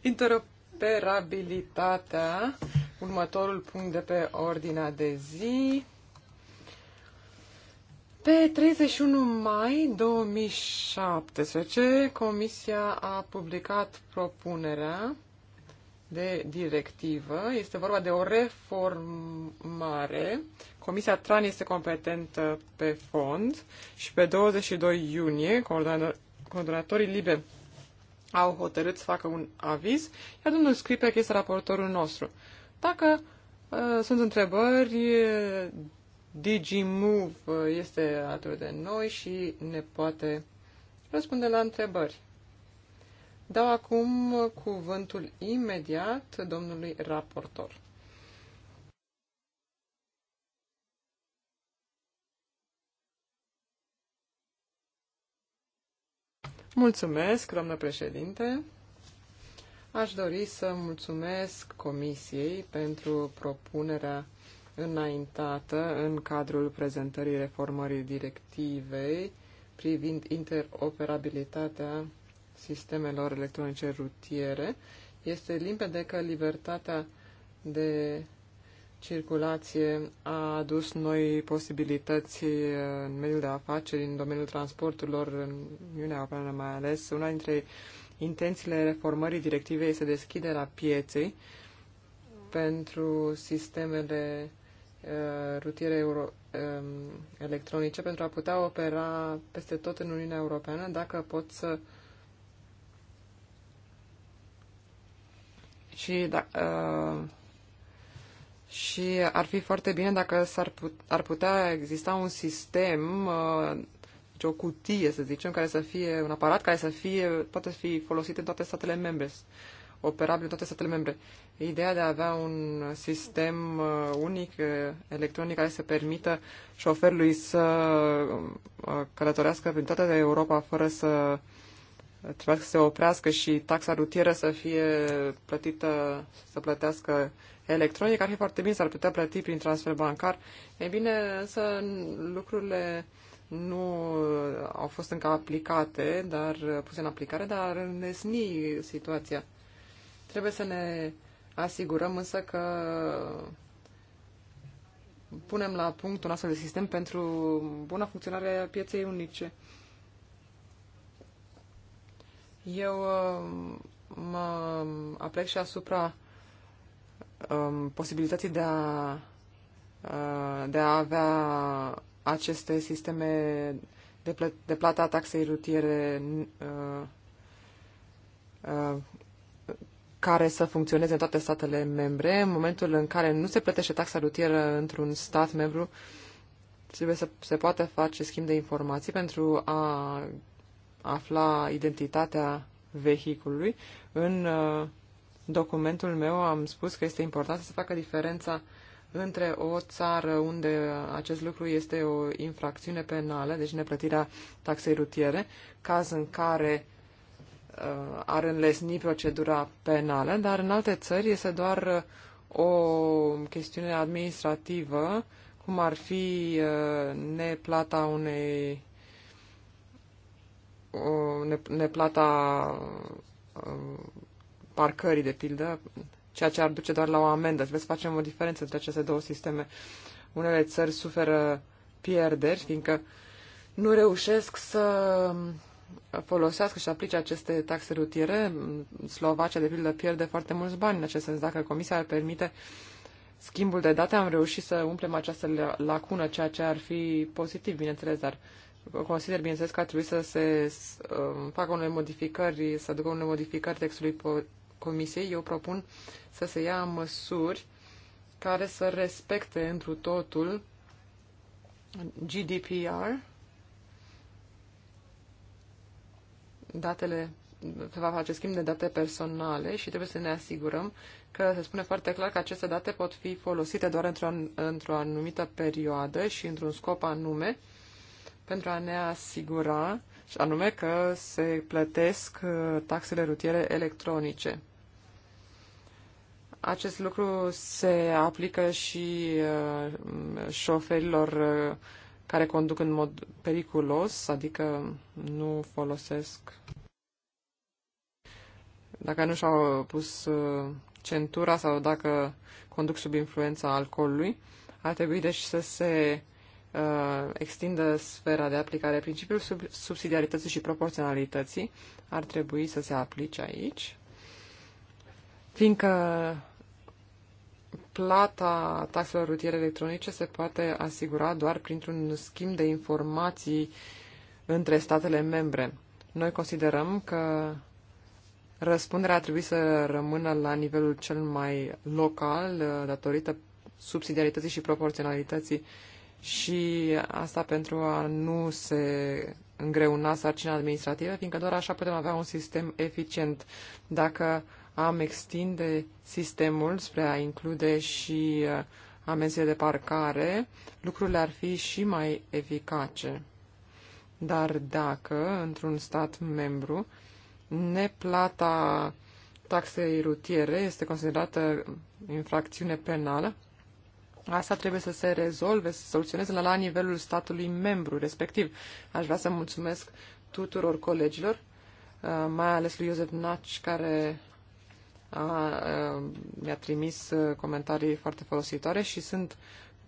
interoperabilitatea, următorul punct de pe ordinea de zi. Pe 31 mai 2017, Comisia a publicat propunerea de directivă. Este vorba de o reformare. Comisia TRAN este competentă pe fond și pe 22 iunie coordonatorii libe au hotărât să facă un aviz, iar domnul Scripec este raportorul nostru. Dacă uh, sunt întrebări, DigiMove este alături de noi și ne poate răspunde la întrebări. Dau acum cuvântul imediat domnului raportor. Mulțumesc, doamnă președinte. Aș dori să mulțumesc Comisiei pentru propunerea înaintată în cadrul prezentării reformării directivei privind interoperabilitatea sistemelor electronice rutiere, este limpede că libertatea de circulație a adus noi posibilități în mediul de afaceri, în domeniul transporturilor, în Uniunea Europeană mai ales. Una dintre intențiile reformării directivei este deschiderea pieței pentru sistemele uh, rutiere euro, um, electronice pentru a putea opera peste tot în Uniunea Europeană dacă pot să uh, Și, da, uh, și ar fi foarte bine dacă s-ar put, ar putea exista un sistem, uh, deci o cutie, să zicem, care să fie un aparat care să fie, poate fi folosit în toate statele membre, operabil în toate statele membre. Ideea de a avea un sistem uh, unic, uh, electronic, care să permită șoferului să uh, călătorească prin toată Europa fără să trebuie să se oprească și taxa rutieră să fie plătită, să plătească electronic, ar fi foarte bine, s-ar putea plăti prin transfer bancar. E bine, însă lucrurile nu au fost încă aplicate, dar puse în aplicare, dar ne sni situația. Trebuie să ne asigurăm însă că punem la punct un astfel de sistem pentru buna funcționare a pieței unice. Eu uh, mă aplec și asupra um, posibilității de a, uh, de a avea aceste sisteme de, pl- de plata a taxei rutiere uh, uh, care să funcționeze în toate statele membre. În momentul în care nu se plătește taxa rutieră într-un stat membru, trebuie să se poată face schimb de informații pentru a afla identitatea vehiculului. În uh, documentul meu am spus că este important să se facă diferența între o țară unde acest lucru este o infracțiune penală, deci neplătirea taxei rutiere, caz în care uh, ar înlesni procedura penală, dar în alte țări este doar uh, o chestiune administrativă, cum ar fi uh, neplata unei Uh, neplata uh, parcării, de pildă, ceea ce ar duce doar la o amendă. Trebuie să facem o diferență între aceste două sisteme. Unele țări suferă pierderi, fiindcă nu reușesc să folosească și aplice aceste taxe rutiere. Slovacia, de pildă, pierde foarte mulți bani în acest sens. Dacă Comisia ar permite schimbul de date, am reușit să umplem această lacună, ceea ce ar fi pozitiv, bineînțeles, dar consider, bineînțeles, că ar trebui să se um, facă unele modificări, să aducă unele modificări textului comisiei. Eu propun să se ia măsuri care să respecte întru totul GDPR, datele, se va face schimb de date personale și trebuie să ne asigurăm că se spune foarte clar că aceste date pot fi folosite doar într-o, într, -o, într -o anumită perioadă și într-un scop anume, pentru a ne asigura, și anume că se plătesc uh, taxele rutiere electronice. Acest lucru se aplică și uh, șoferilor uh, care conduc în mod periculos, adică nu folosesc. Dacă nu și-au pus centura sau dacă conduc sub influența alcoolului, ar trebui deci să se Uh, extindă sfera de aplicare. Principiul sub, subsidiarității și proporționalității ar trebui să se aplice aici, fiindcă plata taxelor rutiere electronice se poate asigura doar printr-un schimb de informații între statele membre. Noi considerăm că răspunderea ar trebui să rămână la nivelul cel mai local, uh, datorită subsidiarității și proporționalității uh, și asta pentru a nu se îngreuna sarcina administrativă, fiindcă doar așa putem avea un sistem eficient. Dacă am extinde sistemul spre a include și uh, amenziile de parcare, lucrurile ar fi și mai eficace. Dar dacă, într-un stat membru, neplata taxei rutiere este considerată infracțiune penală, Asta trebuie să se rezolve, să se soluționeze la, la nivelul statului membru respectiv. Aș vrea să mulțumesc tuturor colegilor, uh, mai ales lui Iosef Naci, care uh, mi-a trimis uh, comentarii foarte folositoare și sunt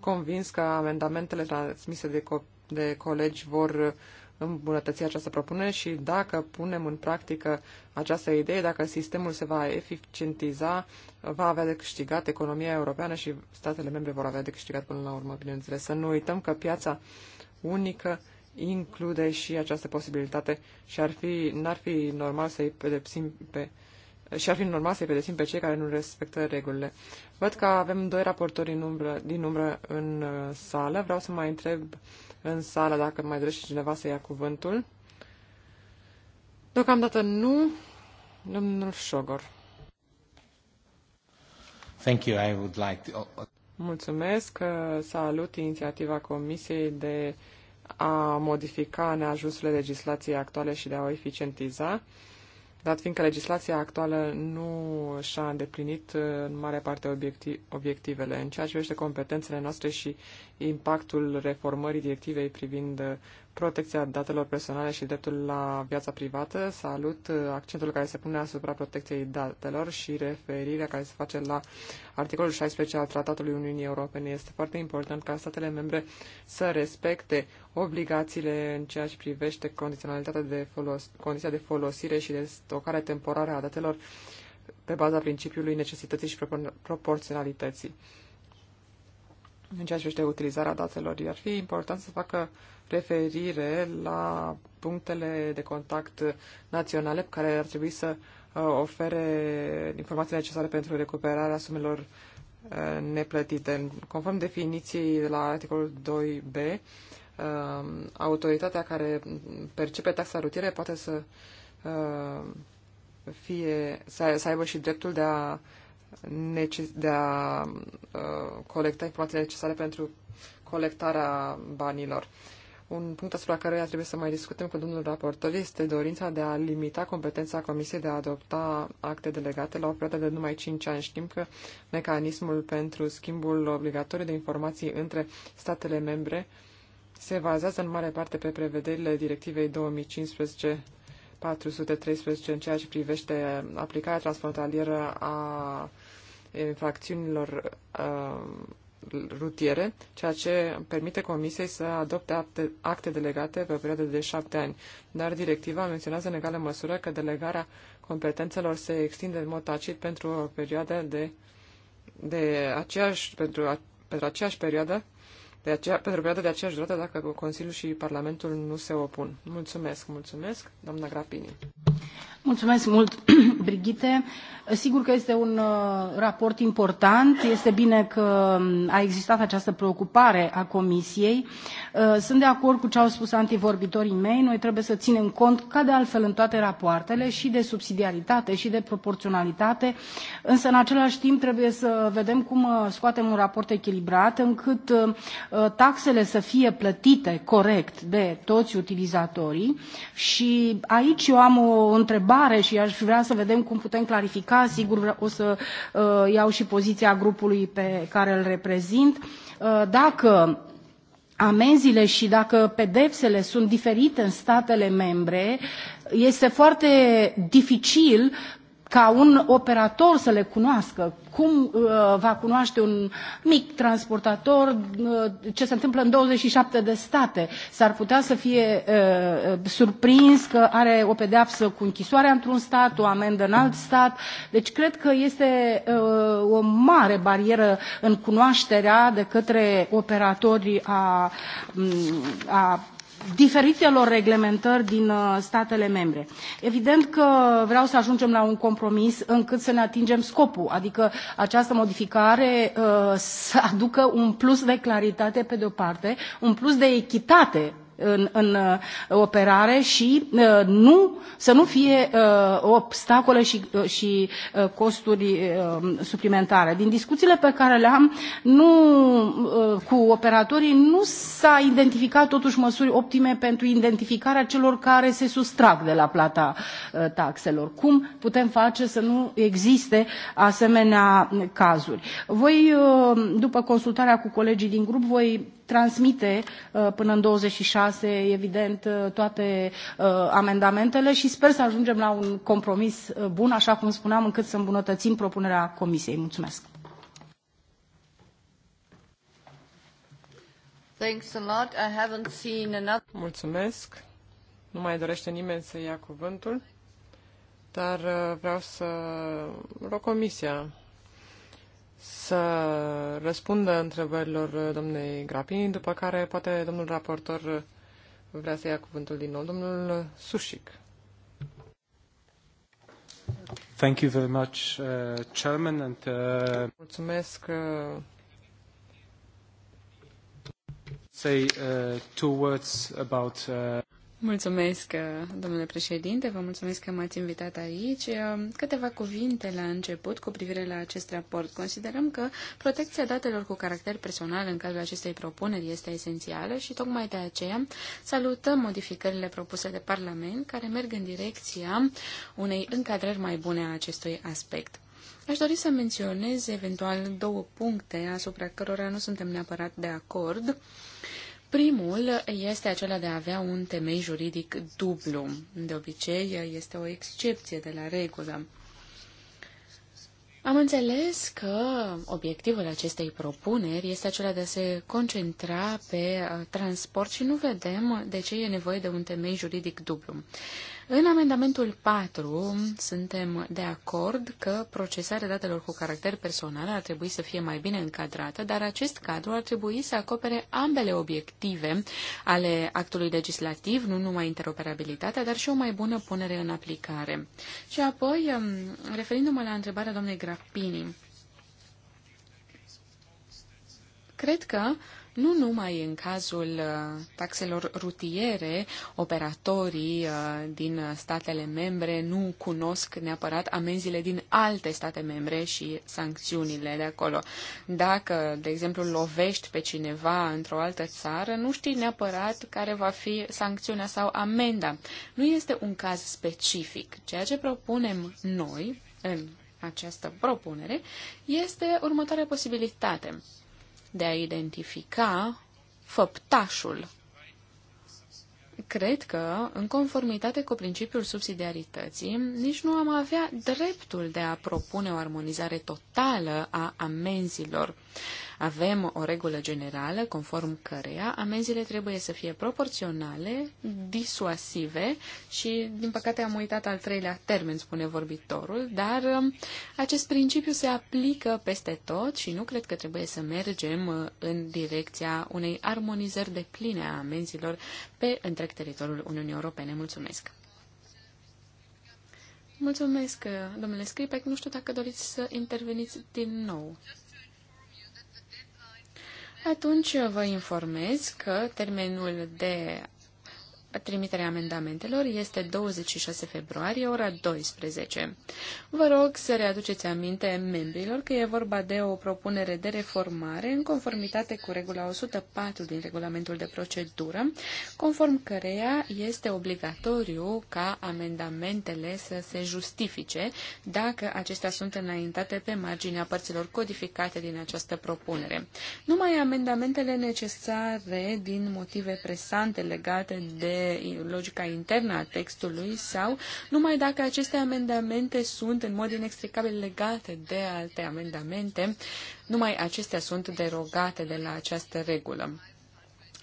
convins că amendamentele transmise de, co- de colegi vor îmbunătăți această propunere și dacă punem în practică această idee, dacă sistemul se va eficientiza, va avea de câștigat economia europeană și statele membre vor avea de câștigat până la urmă, bineînțeles. Să nu uităm că piața unică include și această posibilitate și ar fi, n-ar fi normal să-i pedepsim pe și ar fi normal să-i pedepsim pe cei care nu respectă regulile. Văd că avem doi raportori din umbră, din umbră în uh, sală. Vreau să mai întreb uh, în sală dacă mai dorește cineva să ia cuvântul. Deocamdată nu. Domnul Șogor. Thank you. I would like to... Oh, oh. Mulțumesc. Salut inițiativa Comisiei de a modifica neajunsurile legislației actuale și de a o eficientiza dat fiindcă legislația actuală nu și-a îndeplinit uh, în mare parte obiecti obiectivele. În ceea ce privește competențele noastre și impactul reformării directivei privind uh, protecția datelor personale și dreptul la viața privată. Salut accentul care se pune asupra protecției datelor și referirea care se face la articolul 16 al Tratatului Uniunii Europene. Este foarte important ca statele membre să respecte obligațiile în ceea ce privește condiționalitatea de folos- condiția de folosire și de stocare temporară a datelor pe baza principiului necesității și propor- proporționalității. În ceea ce privește utilizarea datelor, ar fi important să facă referire la punctele de contact naționale care ar trebui să uh, ofere informații necesare pentru recuperarea sumelor uh, neplătite. Conform definiției de la articolul 2b, um, autoritatea care percepe taxa rutieră poate să uh, fie, să, să aibă și dreptul de a, de a colecta informațiile necesare pentru colectarea banilor. Un punct asupra care trebuie să mai discutăm cu domnul raportor este dorința de a limita competența Comisiei de a adopta acte delegate la o perioadă de numai 5 ani. Știm că mecanismul pentru schimbul obligatoriu de informații între statele membre se bazează în mare parte pe prevederile directivei 2015 413 în ceea ce privește aplicarea transfrontalieră a infracțiunilor uh, rutiere, ceea ce permite Comisiei să adopte acte, acte delegate pe o perioadă de șapte ani. Dar directiva menționează în egală măsură că delegarea competențelor se extinde în mod tacit pentru o perioadă de, de aceeași, pentru, a, pentru aceeași perioadă, de aceea, pentru perioada de aceeași durată dacă Consiliul și Parlamentul nu se opun. Mulțumesc, mulțumesc, doamna Grapini mult, Brigitte. Sigur că este un uh, raport important. Este bine că mm, a existat această preocupare a Comisiei. Uh, sunt de acord cu ce au spus antevorbitorii mei. Noi trebuie să ținem cont, ca de altfel în toate rapoartele, și de subsidiaritate și de proporționalitate, însă în același timp trebuie să vedem cum uh, scoatem un raport echilibrat încât taxele să fie plătite corect de toți utilizatorii. Și aici eu am o întrebare întrebare și aș vrea să vedem cum putem clarifica. Sigur, o să uh, iau și poziția grupului pe care îl reprezint. Uh, dacă amenzile și dacă pedepsele sunt diferite în statele membre, este foarte dificil ca un operator să le cunoască, cum uh, va cunoaște un mic transportator uh, ce se întâmplă în 27 de state. S-ar putea să fie uh, uh, surprins că are o pedeapsă cu închisoarea într-un stat, o amendă în alt stat. Deci cred că este uh, o mare barieră în cunoașterea de către operatori a, mm, a diferitelor reglementări din uh, statele membre. Evident că vreau să ajungem la un compromis încât să ne atingem scopul, adică această modificare uh, să aducă un plus de claritate pe de-o parte, un plus de echitate în, în uh, operare și uh, nu, să nu fie uh, obstacole și, și costuri suplimentare. Din discuțiile pe care le-am nu, cu operatorii nu s-a identificat totuși măsuri optime pentru identificarea celor care se sustrag de la plata taxelor. Cum putem face să nu existe asemenea cazuri? Voi, după consultarea cu colegii din grup, voi transmite uh, până în 26, evident, uh, toate uh, amendamentele și sper să ajungem la un compromis bun, așa cum spuneam, încât să îmbunătățim propunerea Comisiei. Mulțumesc! Mulțumesc! Nu mai dorește nimeni să ia cuvântul, dar vreau să rog Comisia să răspundă întrebărilor domnei Grapini, după care poate domnul raportor vrea să ia cuvântul din nou, domnul Sușic. Thank you very much, uh, Chairman, and, uh, Mulțumesc. Uh, say uh, two words about. Uh, Mulțumesc, uh, domnule președinte, vă mulțumesc că m-ați invitat aici. Uh, câteva cuvinte la început cu privire la acest raport. Considerăm că protecția datelor cu caracter personal în cadrul acestei propuneri este esențială și tocmai de aceea salutăm modificările propuse de Parlament care merg în direcția unei încadrări mai bune a acestui aspect. Aș dori să menționez eventual două puncte asupra cărora nu suntem neapărat de acord Primul este acela de a avea un temei juridic dublu. De obicei, este o excepție de la regulă. Am înțeles că obiectivul acestei propuneri este acela de a se concentra pe uh, transport și nu vedem de ce e nevoie de un temei juridic dublu. În amendamentul 4 suntem de acord că procesarea datelor cu caracter personal ar trebui să fie mai bine încadrată, dar acest cadru ar trebui să acopere ambele obiective ale actului legislativ, nu numai interoperabilitatea, dar și o mai bună punere în aplicare. Și apoi, um, referindu-mă la întrebarea doamnei Grappini, cred că nu numai în cazul uh, taxelor rutiere, operatorii uh, din statele membre nu cunosc neapărat amenziile din alte state membre și sancțiunile de acolo. Dacă, de exemplu, lovești pe cineva într-o altă țară, nu știi neapărat care va fi sancțiunea sau amenda. Nu este un caz specific. Ceea ce propunem noi în această propunere este următoarea posibilitate de a identifica făptașul. Cred că, în conformitate cu principiul subsidiarității, nici nu am avea dreptul de a propune o armonizare totală a amenzilor. Avem o regulă generală conform căreia amenziile trebuie să fie proporționale, disuasive și, din păcate, am uitat al treilea termen, spune vorbitorul, dar um, acest principiu se aplică peste tot și nu cred că trebuie să mergem uh, în direcția unei armonizări de pline a amenzilor pe întreg teritoriul Uniunii Europene. Mulțumesc! Mulțumesc, uh, domnule Scripec. Nu știu dacă doriți să interveniți din nou atunci vă informez că termenul de trimiterea amendamentelor este 26 februarie, ora 12. Vă rog să readuceți aminte membrilor că e vorba de o propunere de reformare în conformitate cu regula 104 din regulamentul de procedură, conform căreia este obligatoriu ca amendamentele să se justifice dacă acestea sunt înaintate pe marginea părților codificate din această propunere. Numai amendamentele necesare din motive presante legate de logica internă a textului sau numai dacă aceste amendamente sunt în mod inextricabil legate de alte amendamente, numai acestea sunt derogate de la această regulă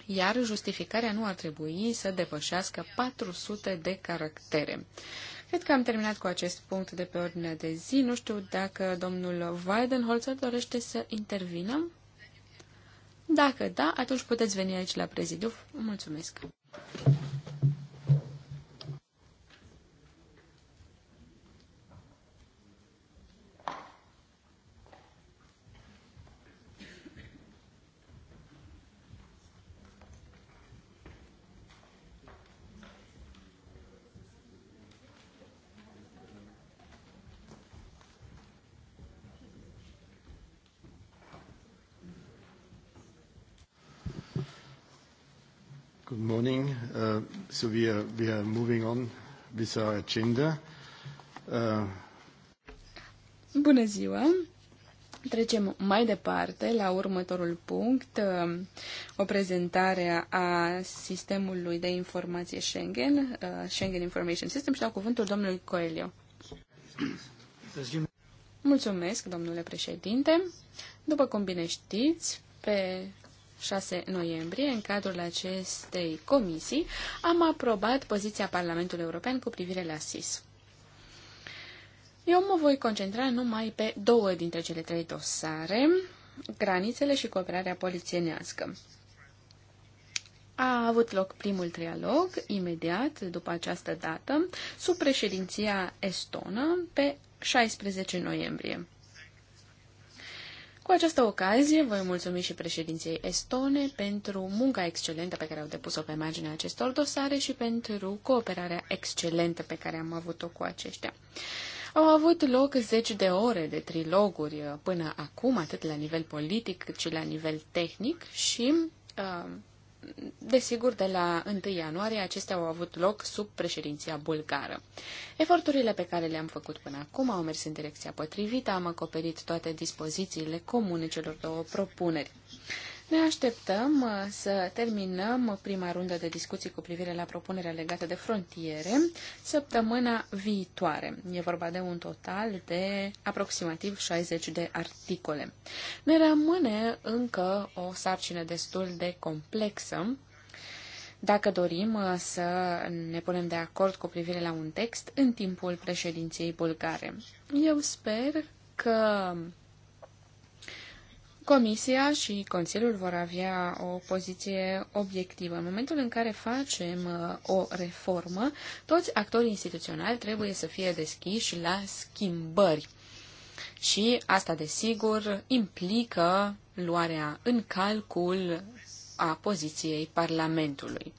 iar justificarea nu ar trebui să depășească 400 de caractere. Cred că am terminat cu acest punct de pe ordinea de zi. Nu știu dacă domnul Weidenholzer dorește să intervină. Dacă da, atunci puteți veni aici la prezidiu. Mulțumesc! Good morning. Uh, so we are, moving on with our agenda. Uh, Bună ziua! Trecem mai departe la următorul punct, uh, o prezentare a sistemului de informație Schengen, Schengen Information System și la cuvântul domnului Coelho. Mulțumesc, domnule președinte. După cum bine știți, pe 6 noiembrie, în cadrul acestei comisii, am aprobat poziția Parlamentului European cu privire la SIS. Eu mă voi concentra numai pe două dintre cele trei dosare, granițele și cooperarea polițienească. A avut loc primul trialog, imediat după această dată, sub președinția estonă, pe 16 noiembrie. Cu această ocazie, voi mulțumi și președinției estone pentru munca excelentă pe care au depus-o pe marginea acestor dosare și pentru cooperarea excelentă pe care am avut-o cu aceștia. Au avut loc zeci de ore de triloguri uh, până acum, atât la nivel politic cât și la nivel tehnic și uh, Desigur, de la 1 ianuarie acestea au avut loc sub președinția bulgară. Eforturile pe care le-am făcut până acum au mers în direcția potrivită, am acoperit toate dispozițiile comune celor două propuneri. Ne așteptăm uh, să terminăm prima rundă de discuții cu privire la propunerea legată de frontiere săptămâna viitoare. E vorba de un total de aproximativ 60 de articole. Ne rămâne încă o sarcină destul de complexă dacă dorim uh, să ne punem de acord cu privire la un text în timpul președinției bulgare. Eu sper că Comisia și Consiliul vor avea o poziție obiectivă. În momentul în care facem uh, o reformă, toți actorii instituționali trebuie să fie deschiși la schimbări. Și asta, desigur, implică luarea în calcul a poziției Parlamentului.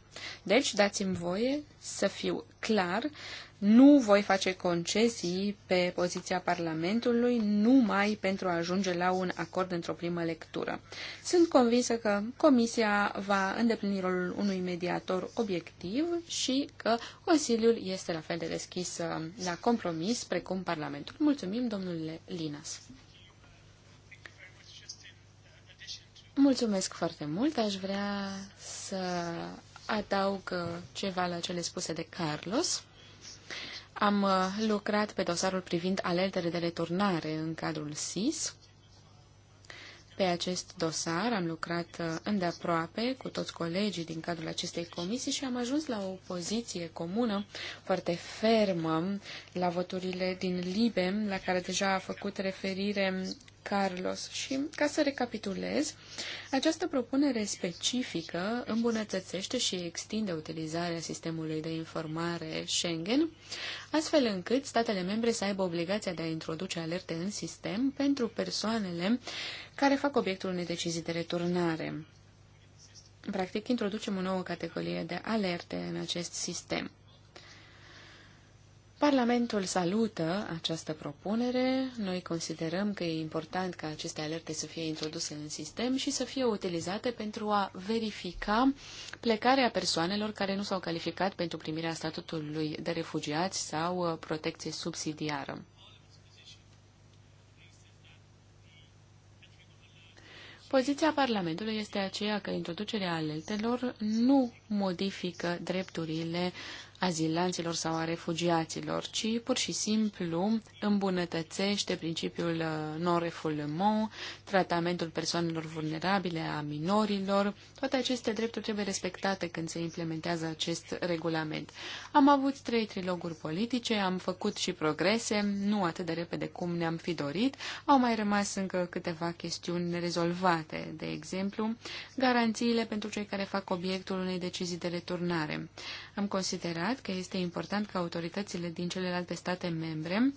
Deci, dați-mi voie să fiu clar, nu voi face concesii pe poziția Parlamentului numai pentru a ajunge la un acord într-o primă lectură. Sunt convinsă că Comisia va îndeplini rolul unui mediator obiectiv și că Consiliul este la fel de deschis la compromis precum Parlamentul. Mulțumim, domnule Linas. Mulțumesc foarte mult. Aș vrea să adaug ceva la cele spuse de Carlos. Am uh, lucrat pe dosarul privind alertele de returnare în cadrul SIS. Pe acest dosar am lucrat uh, îndeaproape cu toți colegii din cadrul acestei comisii și am ajuns la o poziție comună foarte fermă la voturile din Libe, la care deja a făcut referire Carlos. Și ca să recapitulez, această propunere specifică îmbunătățește și extinde utilizarea sistemului de informare Schengen, astfel încât statele membre să aibă obligația de a introduce alerte în sistem pentru persoanele care fac obiectul unei decizii de returnare. Practic, introducem o nouă categorie de alerte în acest sistem. Parlamentul salută această propunere. Noi considerăm că e important ca aceste alerte să fie introduse în sistem și să fie utilizate pentru a verifica plecarea persoanelor care nu s-au calificat pentru primirea statutului de refugiați sau uh, protecție subsidiară. Poziția Parlamentului este aceea că introducerea alertelor nu modifică drepturile azilanților sau a refugiaților, ci pur și simplu îmbunătățește principiul uh, non-refoulement, tratamentul persoanelor vulnerabile, a minorilor. Toate aceste drepturi trebuie respectate când se implementează acest regulament. Am avut trei triloguri politice, am făcut și progrese, nu atât de repede cum ne-am fi dorit. Au mai rămas încă câteva chestiuni nerezolvate, de exemplu, garanțiile pentru cei care fac obiectul unei decizii de returnare. Am considerat subliniat că este important ca autoritățile din celelalte state membre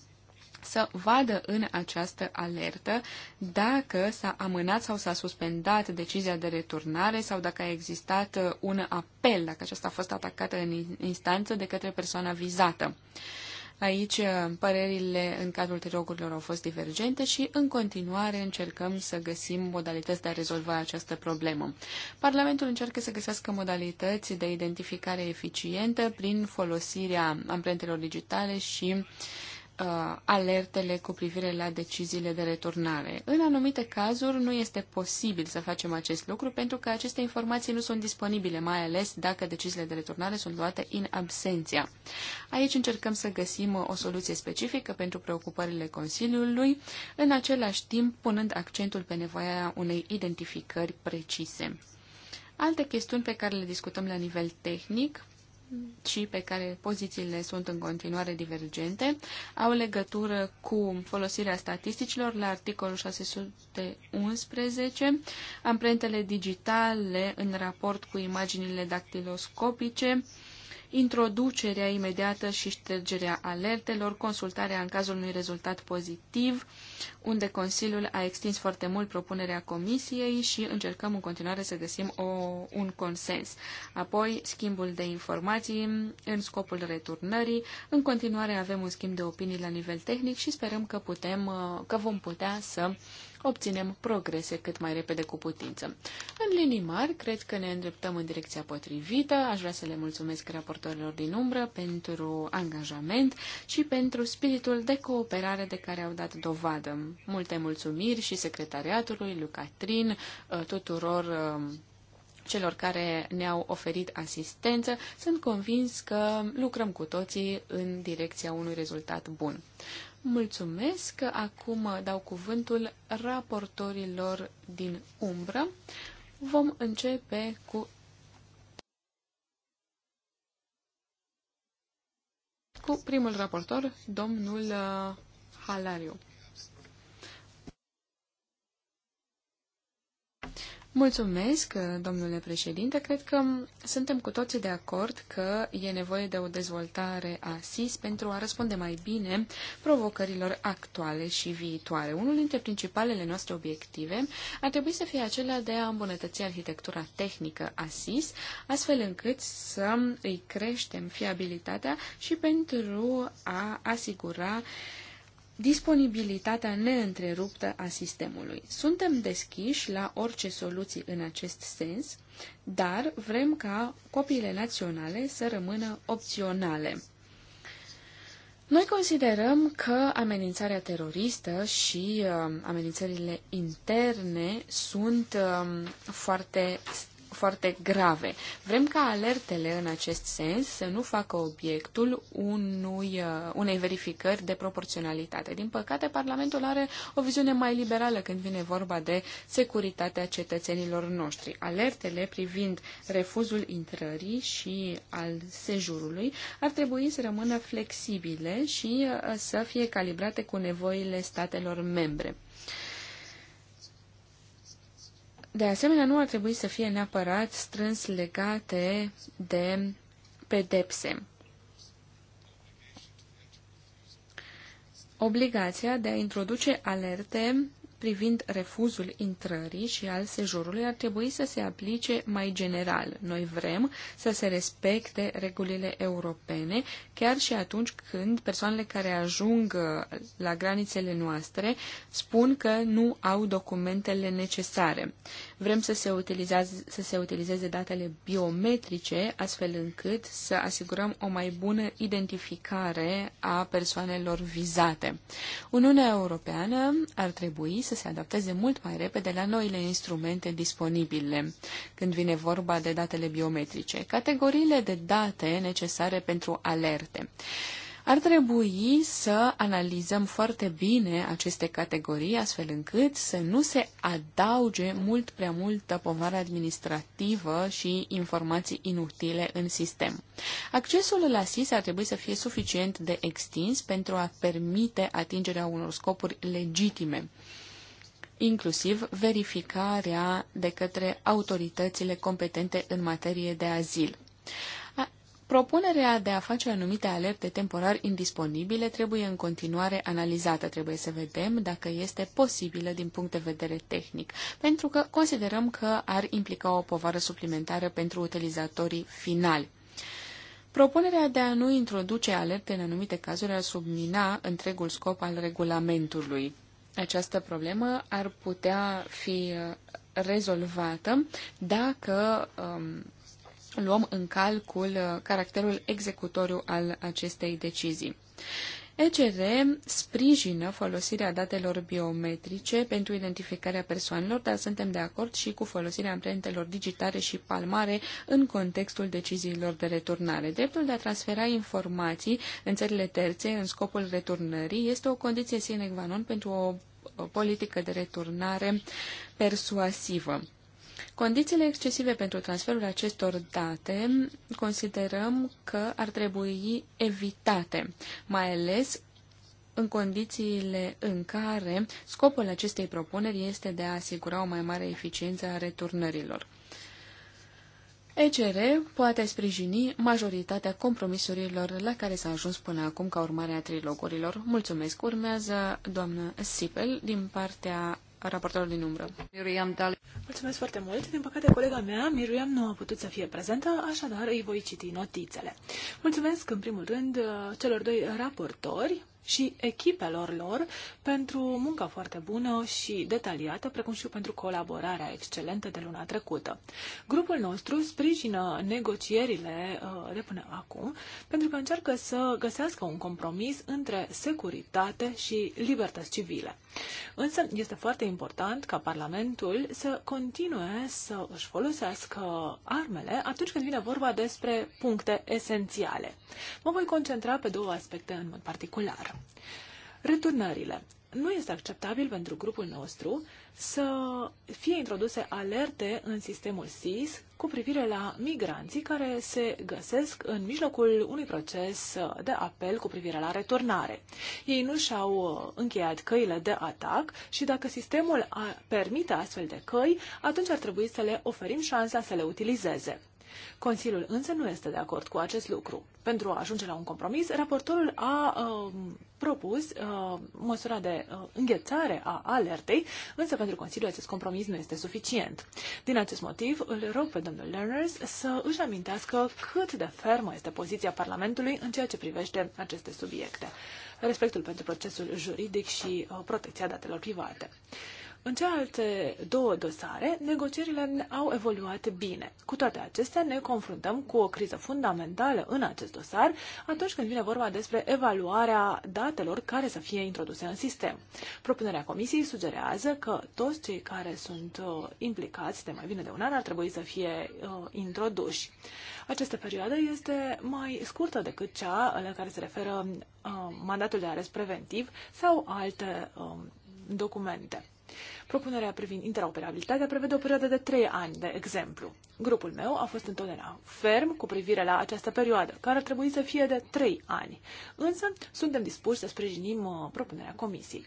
să vadă în această alertă dacă s-a amânat sau s-a suspendat decizia de returnare sau dacă a existat uh, un apel, dacă aceasta a fost atacată în instanță de către persoana vizată. Uh, Aici uh, părerile în cadrul trilogurilor au fost divergente și în continuare încercăm să găsim modalități de a rezolva această problemă. Parlamentul încearcă să găsească modalități de identificare eficientă prin folosirea amprentelor digitale și uh, uh, alertele cu privire la deciziile de returnare. În anumite cazuri nu este posibil să facem acest lucru pentru că aceste informații nu sunt disponibile, mai ales dacă deciziile de returnare sunt luate în absenția. Aici încercăm să găsim o soluție specifică pentru preocupările Consiliului, în același timp punând accentul pe nevoia unei identificări precise. Alte chestiuni pe care le discutăm la nivel tehnic și pe care pozițiile sunt în continuare divergente, au legătură cu folosirea statisticilor la articolul 611, amprentele digitale în raport cu imaginile dactiloscopice, introducerea imediată și ștergerea alertelor, consultarea în cazul unui rezultat pozitiv, unde Consiliul a extins foarte mult propunerea Comisiei și încercăm în continuare să găsim o, un consens. Apoi, schimbul de informații în scopul returnării. În continuare avem un schimb de opinii la nivel tehnic și sperăm că, putem, că vom putea să obținem progrese cât mai repede cu putință. În linii mari, cred că ne îndreptăm în direcția potrivită. Aș vrea să le mulțumesc raportorilor din umbră pentru angajament și pentru spiritul de cooperare de care au dat dovadă. Multe mulțumiri și secretariatului, lui Catrin, uh, tuturor um, celor care ne-au oferit asistență, sunt convins că lucrăm cu toții în direcția unui rezultat bun. Mulțumesc. Acum dau cuvântul raportorilor din umbră. Vom începe cu cu primul raportor, domnul uh, Halariu. Mulțumesc, domnule președinte. Cred că suntem cu toții de acord că e nevoie de o dezvoltare a SIS pentru a răspunde mai bine provocărilor actuale și viitoare. Unul dintre principalele noastre obiective ar trebui să fie acela de a îmbunătăți arhitectura tehnică a SIS, astfel încât să îi creștem fiabilitatea și pentru a asigura uh, disponibilitatea neîntreruptă a sistemului. Suntem deschiși la orice soluții în acest sens, dar vrem ca copiile naționale să rămână opționale. Noi considerăm că amenințarea teroristă și uh, amenințările interne sunt uh, foarte foarte grave. Vrem ca alertele în acest sens să nu facă obiectul unui, uh, unei verificări de proporționalitate. Din păcate, Parlamentul are o viziune mai liberală când vine vorba de securitatea cetățenilor noștri. Alertele privind refuzul intrării și al sejurului ar trebui să rămână flexibile și uh, să fie calibrate cu nevoile statelor membre. De asemenea, nu ar trebui să fie neapărat strâns legate de pedepse. Obligația de a introduce alerte privind refuzul intrării și al sejurului ar trebui să se aplice mai general. Noi vrem să se respecte regulile europene, chiar și atunci când persoanele care ajung la granițele noastre spun că nu au documentele necesare. Vrem să se, să se utilizeze datele biometrice, astfel încât să asigurăm o mai bună identificare a persoanelor vizate. Uniunea Europeană ar trebui să se adapteze mult mai repede la noile instrumente disponibile când vine vorba de datele biometrice, categoriile de date necesare pentru alerte. Ar trebui să analizăm foarte bine aceste categorii, astfel încât să nu se adauge mult prea multă povară administrativă și informații inutile în sistem. Accesul la SIS ar trebui să fie suficient de extins pentru a permite atingerea unor scopuri legitime inclusiv verificarea de către autoritățile competente în materie de azil. Propunerea de a face anumite alerte temporar indisponibile trebuie în continuare analizată. Trebuie să vedem dacă este posibilă din punct de vedere tehnic, pentru că considerăm că ar implica o povară suplimentară pentru utilizatorii finali. Propunerea de a nu introduce alerte în anumite cazuri ar submina întregul scop al regulamentului. Această problemă ar putea fi uh, rezolvată dacă um, luăm în calcul uh, caracterul executoriu al acestei decizii. ECR sprijină folosirea datelor biometrice pentru identificarea persoanelor, dar suntem de acord și cu folosirea amprentelor digitale și palmare în contextul deciziilor de returnare. Dreptul de a transfera informații în țările terțe în scopul returnării este o condiție sine qua non pentru o politică de returnare persuasivă. Condițiile excesive pentru transferul acestor date considerăm că ar trebui evitate, mai ales în condițiile în care scopul acestei propuneri este de a asigura o mai mare eficiență a returnărilor. ECR poate sprijini majoritatea compromisurilor la care s-a ajuns până acum ca urmare a trilogurilor. Mulțumesc. Urmează doamnă Sipel din partea raportorul din umbră. Mulțumesc foarte mult. Din păcate, colega mea, Miriam, nu a putut să fie prezentă, așadar îi voi citi notițele. Mulțumesc, în primul rând, celor doi raportori și echipelor lor pentru munca foarte bună și detaliată, precum și pentru colaborarea excelentă de luna trecută. Grupul nostru sprijină negocierile uh, de până acum pentru că încearcă să găsească un compromis între securitate și libertăți civile. Însă este foarte important ca Parlamentul să continue să își folosească armele atunci când vine vorba despre puncte esențiale. Mă voi concentra pe două aspecte în mod particular clar. Returnările. Nu este acceptabil pentru grupul nostru să fie introduse alerte în sistemul SIS cu privire la migranții care se găsesc în mijlocul unui proces de apel cu privire la returnare. Ei nu și-au uh, încheiat căile de atac și dacă sistemul permite astfel de căi, atunci ar trebui să le oferim șansa să le utilizeze. Consiliul însă nu este de acord cu acest lucru. Pentru a ajunge la un compromis, raportorul a uh, propus uh, măsura de uh, înghețare a alertei, însă pentru Consiliul acest compromis nu este suficient. Din acest motiv, îl rog pe domnul Lerners să își amintească cât de fermă este poziția Parlamentului în ceea ce privește aceste subiecte respectul pentru procesul juridic și uh, protecția datelor private. În celelalte două dosare, negocierile au evoluat bine. Cu toate acestea, ne confruntăm cu o criză fundamentală în acest dosar atunci când vine vorba despre evaluarea datelor care să fie introduse în sistem. Propunerea Comisiei sugerează că toți cei care sunt uh, implicați de mai bine de un an ar trebui să fie uh, introduși. Această perioadă este mai scurtă decât cea la care se referă uh, mandatul de arest preventiv sau alte uh, documente. Propunerea privind interoperabilitatea prevede o perioadă de 3 ani, de exemplu. Grupul meu a fost întotdeauna ferm cu privire la această perioadă, care ar trebui să fie de 3 ani. Însă, suntem dispuși să sprijinim uh, propunerea Comisiei.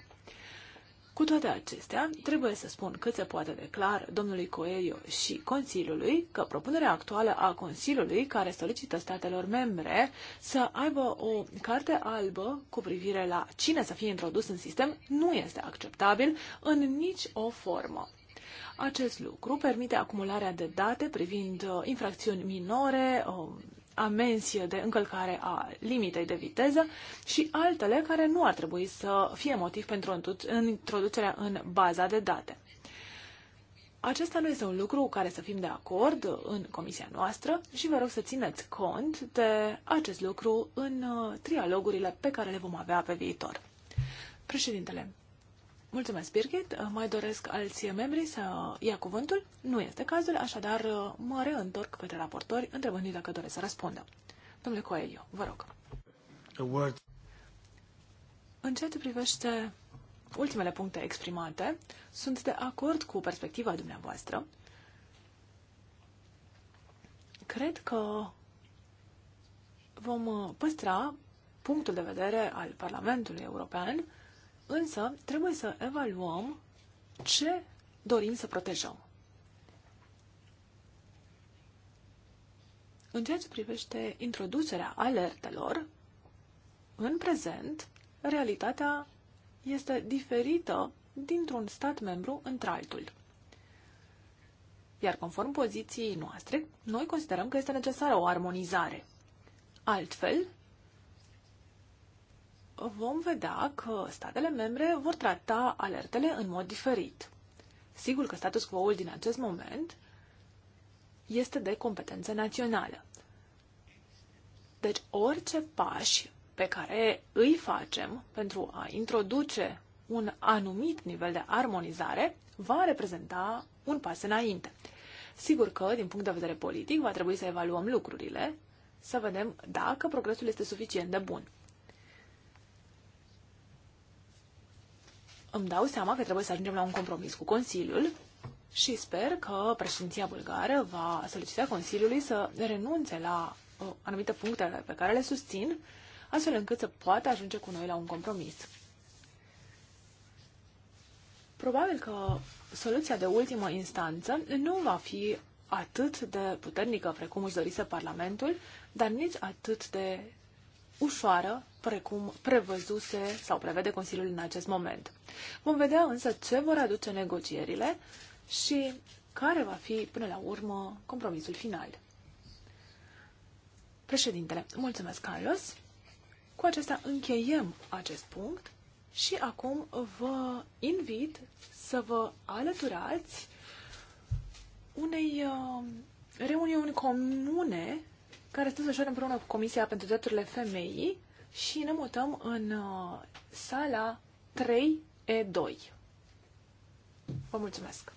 Cu toate acestea, trebuie să spun cât se poate de clar domnului Coelho și Consiliului că propunerea actuală a Consiliului, care solicită statelor membre să aibă o carte albă cu privire la cine să fie introdus în sistem, nu este acceptabil în nici o formă. Acest lucru permite acumularea de date privind uh, infracțiuni minore, um, amenzi de încălcare a limitei de viteză și altele care nu ar trebui să fie motiv pentru introducerea în baza de date. Acesta nu este un lucru care să fim de acord în comisia noastră și vă rog să țineți cont de acest lucru în uh, trialogurile pe care le vom avea pe viitor. Președintele, Mulțumesc, Birgit. Mai doresc alții membri să ia cuvântul? Nu este cazul, așadar uh, mă reîntorc către raportori, întrebându-i dacă doresc să răspundă. Domnule Coelho, vă rog. A word. În ceea ce privește ultimele puncte exprimate, sunt de acord cu perspectiva dumneavoastră. Cred că vom păstra punctul de vedere al Parlamentului European Însă, trebuie să evaluăm ce dorim să protejăm. În ceea ce privește introducerea alertelor, în prezent, realitatea este diferită dintr-un stat membru într-altul. Iar conform poziției noastre, noi considerăm că este necesară o armonizare. Altfel, vom vedea că statele membre vor trata alertele în mod diferit. Sigur că status quo-ul din acest moment este de competență națională. Deci orice pași pe care îi facem pentru a introduce un anumit nivel de armonizare va reprezenta un pas înainte. Sigur că, din punct de vedere politic, va trebui să evaluăm lucrurile, să vedem dacă progresul este suficient de bun. îmi dau seama că trebuie să ajungem la un compromis cu Consiliul și sper că președinția bulgară va solicita Consiliului să renunțe la uh, anumite puncte pe care le susțin, astfel încât să poată ajunge cu noi la un compromis. Probabil că soluția de ultimă instanță nu va fi atât de puternică precum își dorise Parlamentul, dar nici atât de ușoară, precum prevăzuse sau prevede Consiliul în acest moment. Vom vedea însă ce vor aduce negocierile și care va fi, până la urmă, compromisul final. Președintele, mulțumesc, Carlos. Cu acesta încheiem acest punct și acum vă invit să vă alăturați unei uh, reuniuni comune care se desfășoară împreună cu Comisia pentru Drepturile Femeii și ne mutăm în uh, sala 3E2. Vă mulțumesc!